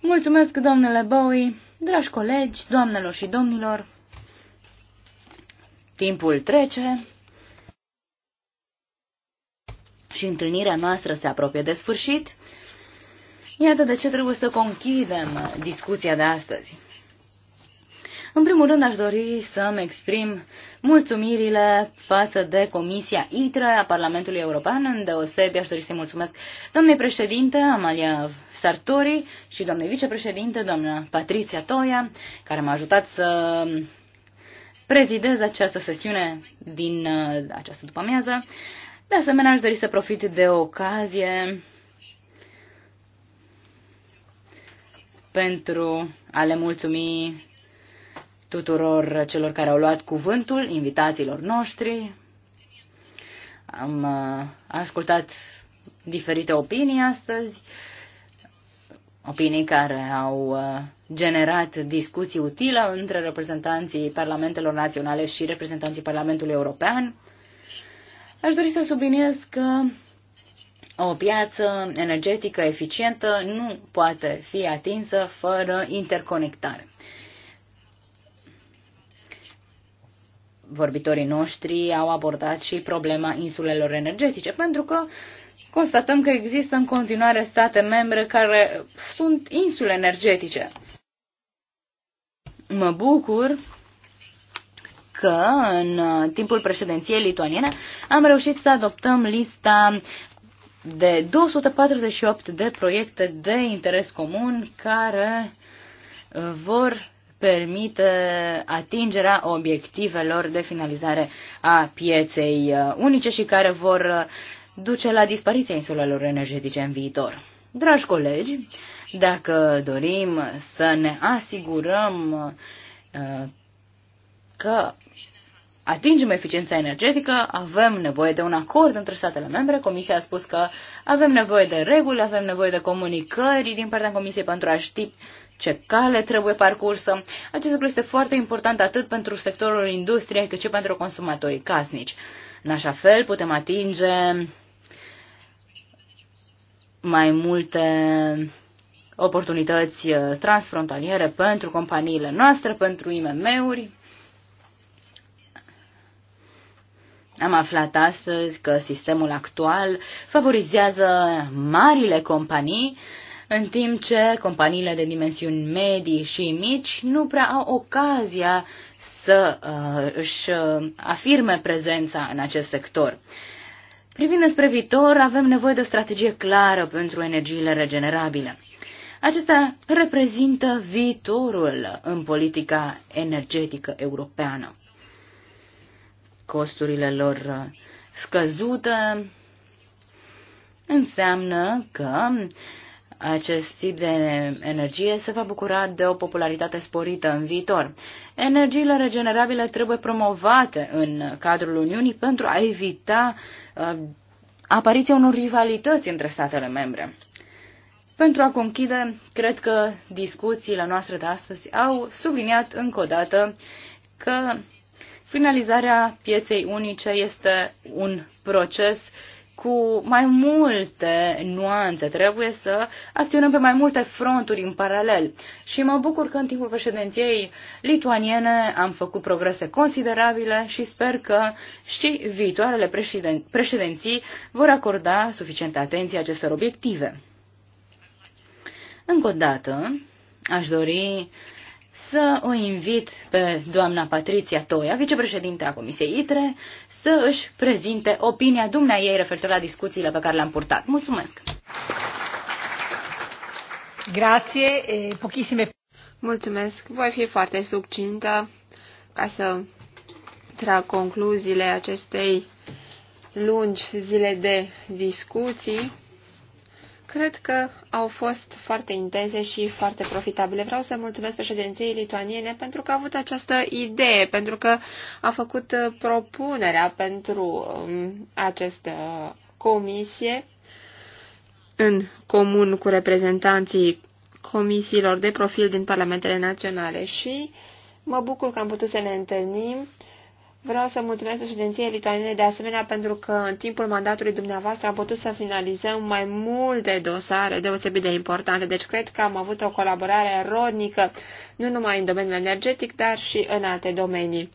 Mulțumesc, domnule Bowie, dragi colegi, doamnelor și domnilor. Timpul trece și întâlnirea noastră se apropie de sfârșit. Iată de ce trebuie să conchidem discuția de astăzi. În primul rând aș dori să-mi exprim mulțumirile față de Comisia ITRE a Parlamentului European. În deosebi aș dori să-i mulțumesc doamnei președinte Amalia Sartori și doamnei vicepreședinte, doamna Patricia Toia, care m-a ajutat să prezidez această sesiune din uh, această după-amiază. De asemenea, aș dori să profit de ocazie pentru a le mulțumi tuturor celor care au luat cuvântul, invitațiilor noștri. Am uh, ascultat diferite opinii astăzi, opinii care au uh, generat discuții utile între reprezentanții parlamentelor naționale și reprezentanții Parlamentului European. Aș dori să subliniez că o piață energetică eficientă nu poate fi atinsă fără interconectare. vorbitorii noștri au abordat și problema insulelor energetice, pentru că constatăm că există în continuare state membre care sunt insule energetice. Mă bucur că în timpul președinției lituaniene am reușit să adoptăm lista de 248 de proiecte de interes comun care vor permită atingerea obiectivelor de finalizare a pieței uh, unice și care vor uh, duce la dispariția insulelor energetice în viitor. Dragi colegi, dacă dorim să ne asigurăm uh, că atingem eficiența energetică, avem nevoie de un acord între statele membre. Comisia a spus că avem nevoie de reguli, avem nevoie de comunicări din partea Comisiei pentru a ști ce cale trebuie parcursă. Acest lucru este foarte important atât pentru sectorul industriei cât și pentru consumatorii casnici. În așa fel putem atinge mai multe oportunități uh, transfrontaliere pentru companiile noastre, pentru IMM-uri. Am aflat astăzi că sistemul actual favorizează marile companii în timp ce companiile de dimensiuni medii și mici nu prea au ocazia să uh, își uh, afirme prezența în acest sector. Privind spre viitor, avem nevoie de o strategie clară pentru energiile regenerabile. Acesta reprezintă viitorul în politica energetică europeană. Costurile lor uh, scăzute înseamnă că uh, acest tip de energie se va bucura de o popularitate sporită în viitor. Energiile regenerabile trebuie promovate în cadrul Uniunii pentru a evita uh, apariția unor rivalități între statele membre. Pentru a conchide, cred că discuțiile noastre de astăzi au subliniat încă o dată că finalizarea pieței unice este un proces uh, cu mai multe nuanțe. Trebuie să acționăm pe mai multe fronturi în paralel. Și mă bucur că în timpul președinției lituaniene am făcut progrese considerabile și sper că și viitoarele președin- președinții vor acorda suficientă atenție acestor obiective. Încă o dată, aș dori să o invit pe doamna Patriția Toia, vicepreședinte a Comisiei ITRE, să își prezinte opinia dumnea ei referitor la discuțiile pe care le-am purtat. Mulțumesc! Grație, e, pochisime. Mulțumesc! Voi fi foarte succintă ca să trag concluziile acestei lungi zile de discuții. Cred că au fost foarte intense și foarte profitabile. Vreau să mulțumesc președinției lituaniene pentru că a avut această idee, pentru că a făcut uh, propunerea pentru um, această uh, comisie în comun cu reprezentanții comisiilor de profil din parlamentele naționale și mă bucur că am putut să ne întâlnim Vreau să mulțumesc președinției lituaniene de asemenea pentru că în timpul mandatului dumneavoastră am putut să finalizăm mai multe dosare deosebit de importante. Deci cred că am avut o colaborare rodnică, nu numai în domeniul energetic, dar și în alte domenii.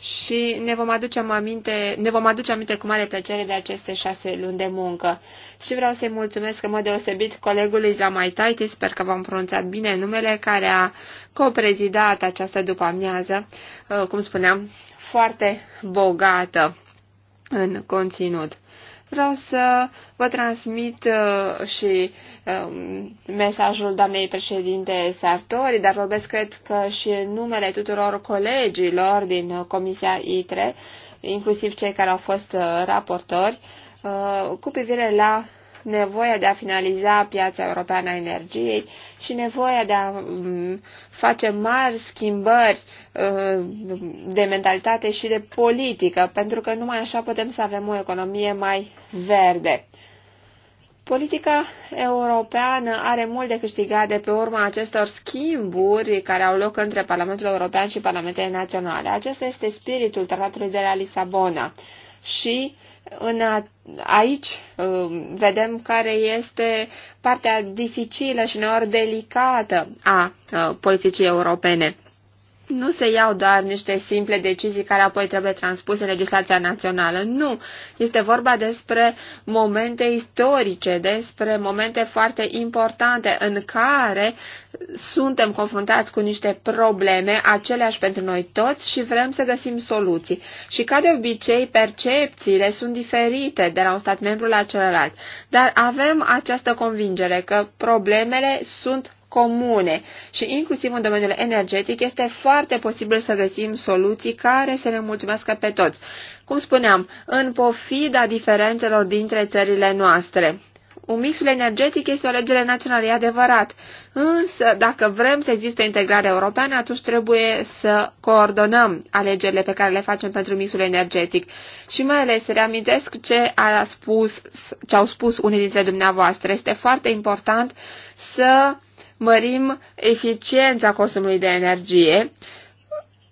Și ne vom aduce aminte, ne vom aduce aminte cu mare plăcere de aceste șase luni de muncă. Și vreau să-i mulțumesc în mod deosebit colegului Zamaitaitis, sper că v-am pronunțat bine numele, care a coprezidat această după-amiază, uh, cum spuneam, foarte bogată în conținut. Vreau să vă transmit uh, și um, mesajul doamnei președinte Sartori, dar vorbesc cred că și în numele tuturor colegilor din uh, Comisia ITRE, inclusiv cei care au fost uh, raportori, cu privire la nevoia de a finaliza piața europeană a energiei și nevoia de a mm, face mari schimbări mm, de mentalitate și de politică, pentru că numai așa putem să avem o economie mai verde. Politica europeană are mult de câștigat de pe urma acestor schimburi care au loc între Parlamentul European și Parlamentele Naționale. Acesta este spiritul Tratatului de la Lisabona și uh, în a, aici um, vedem care este partea dificilă și uneori delicată a uh, politicii europene nu se iau doar niște simple decizii care apoi trebuie transpuse în legislația națională. Nu. Este vorba despre momente istorice, despre momente foarte importante în care suntem confruntați cu niște probleme, aceleași pentru noi toți și vrem să găsim soluții. Și ca de obicei, percepțiile sunt diferite de la un stat membru la celălalt. Dar avem această convingere că problemele sunt comune și inclusiv în domeniul energetic este foarte posibil să găsim soluții care să ne mulțumească pe toți. Cum spuneam, în pofida diferențelor dintre țările noastre. Un mixul energetic este o alegere națională, e adevărat, însă dacă vrem să existe integrare europeană, atunci trebuie să coordonăm alegerile pe care le facem pentru mixul energetic. Și mai ales reamintesc ce, a spus, ce au spus unii dintre dumneavoastră. Este foarte important să mărim eficiența consumului de energie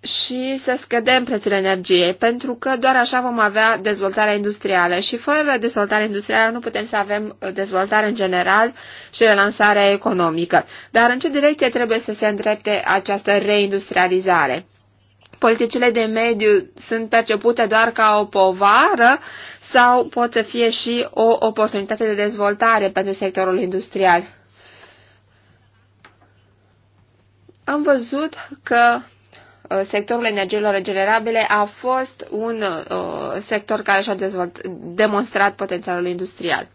și să scădem prețul energiei, pentru că doar așa vom avea dezvoltarea industrială și fără dezvoltare industrială nu putem să avem uh, dezvoltare în general și relansarea economică. Dar în ce direcție trebuie să se îndrepte această reindustrializare? Politicile de mediu sunt percepute doar ca o povară sau pot să fie și o oportunitate de dezvoltare pentru sectorul industrial? Am văzut că uh, sectorul energiilor regenerabile a fost un uh, sector care și-a demonstrat potențialul industrial.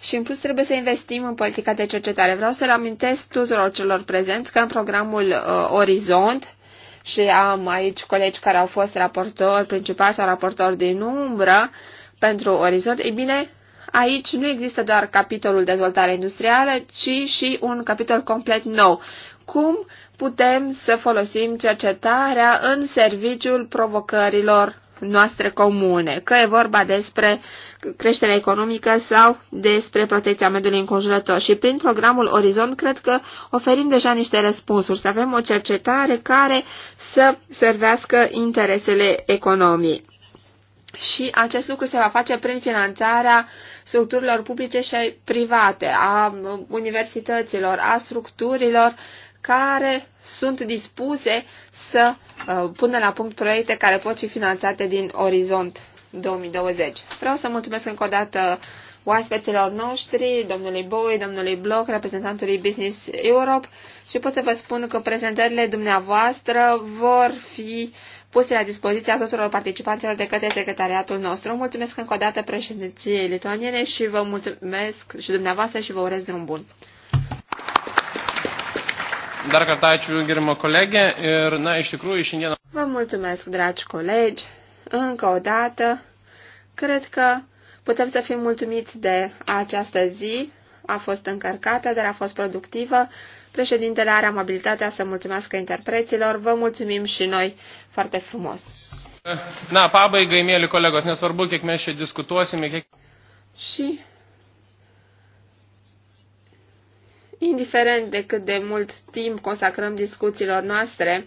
Și în plus trebuie să investim în politica de cercetare. Vreau să reamintesc tuturor celor prezenți că în programul uh, Orizont și am aici colegi care au fost raportori principali sau raportori din umbră pentru Orizont, e bine, aici nu există doar capitolul dezvoltare industrială, ci și un capitol complet nou. Cum putem să folosim cercetarea în serviciul provocărilor noastre comune, că e vorba despre creșterea economică sau despre protecția mediului înconjurător. Și prin programul Orizont cred că oferim deja niște răspunsuri, să avem o cercetare care să servească interesele economiei. Și acest lucru se va face prin finanțarea structurilor publice și private, a universităților, a structurilor care sunt dispuse să uh, pună la punct proiecte care pot fi finanțate din Orizont 2020. Vreau să mulțumesc încă o dată oaspeților noștri, domnului Bowie, domnului Bloch, reprezentantului Business Europe și pot să vă spun că prezentările dumneavoastră vor fi puse la dispoziția tuturor participanților de către secretariatul nostru. Mulțumesc încă o dată președinției lituaniene și vă mulțumesc și dumneavoastră și vă urez drum bun. Dar kartą ačiū gerimo kolegė ir, na, iš tikrųjų, šiandieną. Vă mulțumesc, dragi colegi, încă o dată. Cred că putem să fim mulțumiți de această zi. A fost încărcată, dar a fost productivă. Președintele are amabilitatea să mulțumească interpreților. Vă mulțumim și noi foarte frumos. Na, pabaigai, mėly colegos, nesvarbu, kiek mes čia diskutuosime, kiek... Și indiferent de cât de mult timp consacrăm discuțiilor noastre,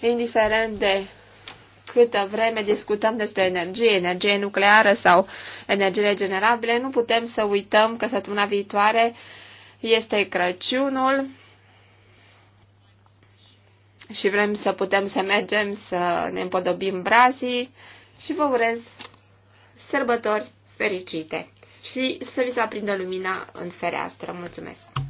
indiferent de câtă vreme discutăm despre energie, energie nucleară sau energie regenerabile, nu putem să uităm că săptămâna viitoare este Crăciunul și vrem să putem să mergem să ne împodobim brazii și vă urez sărbători fericite și să vi se aprindă lumina în fereastră. Mulțumesc!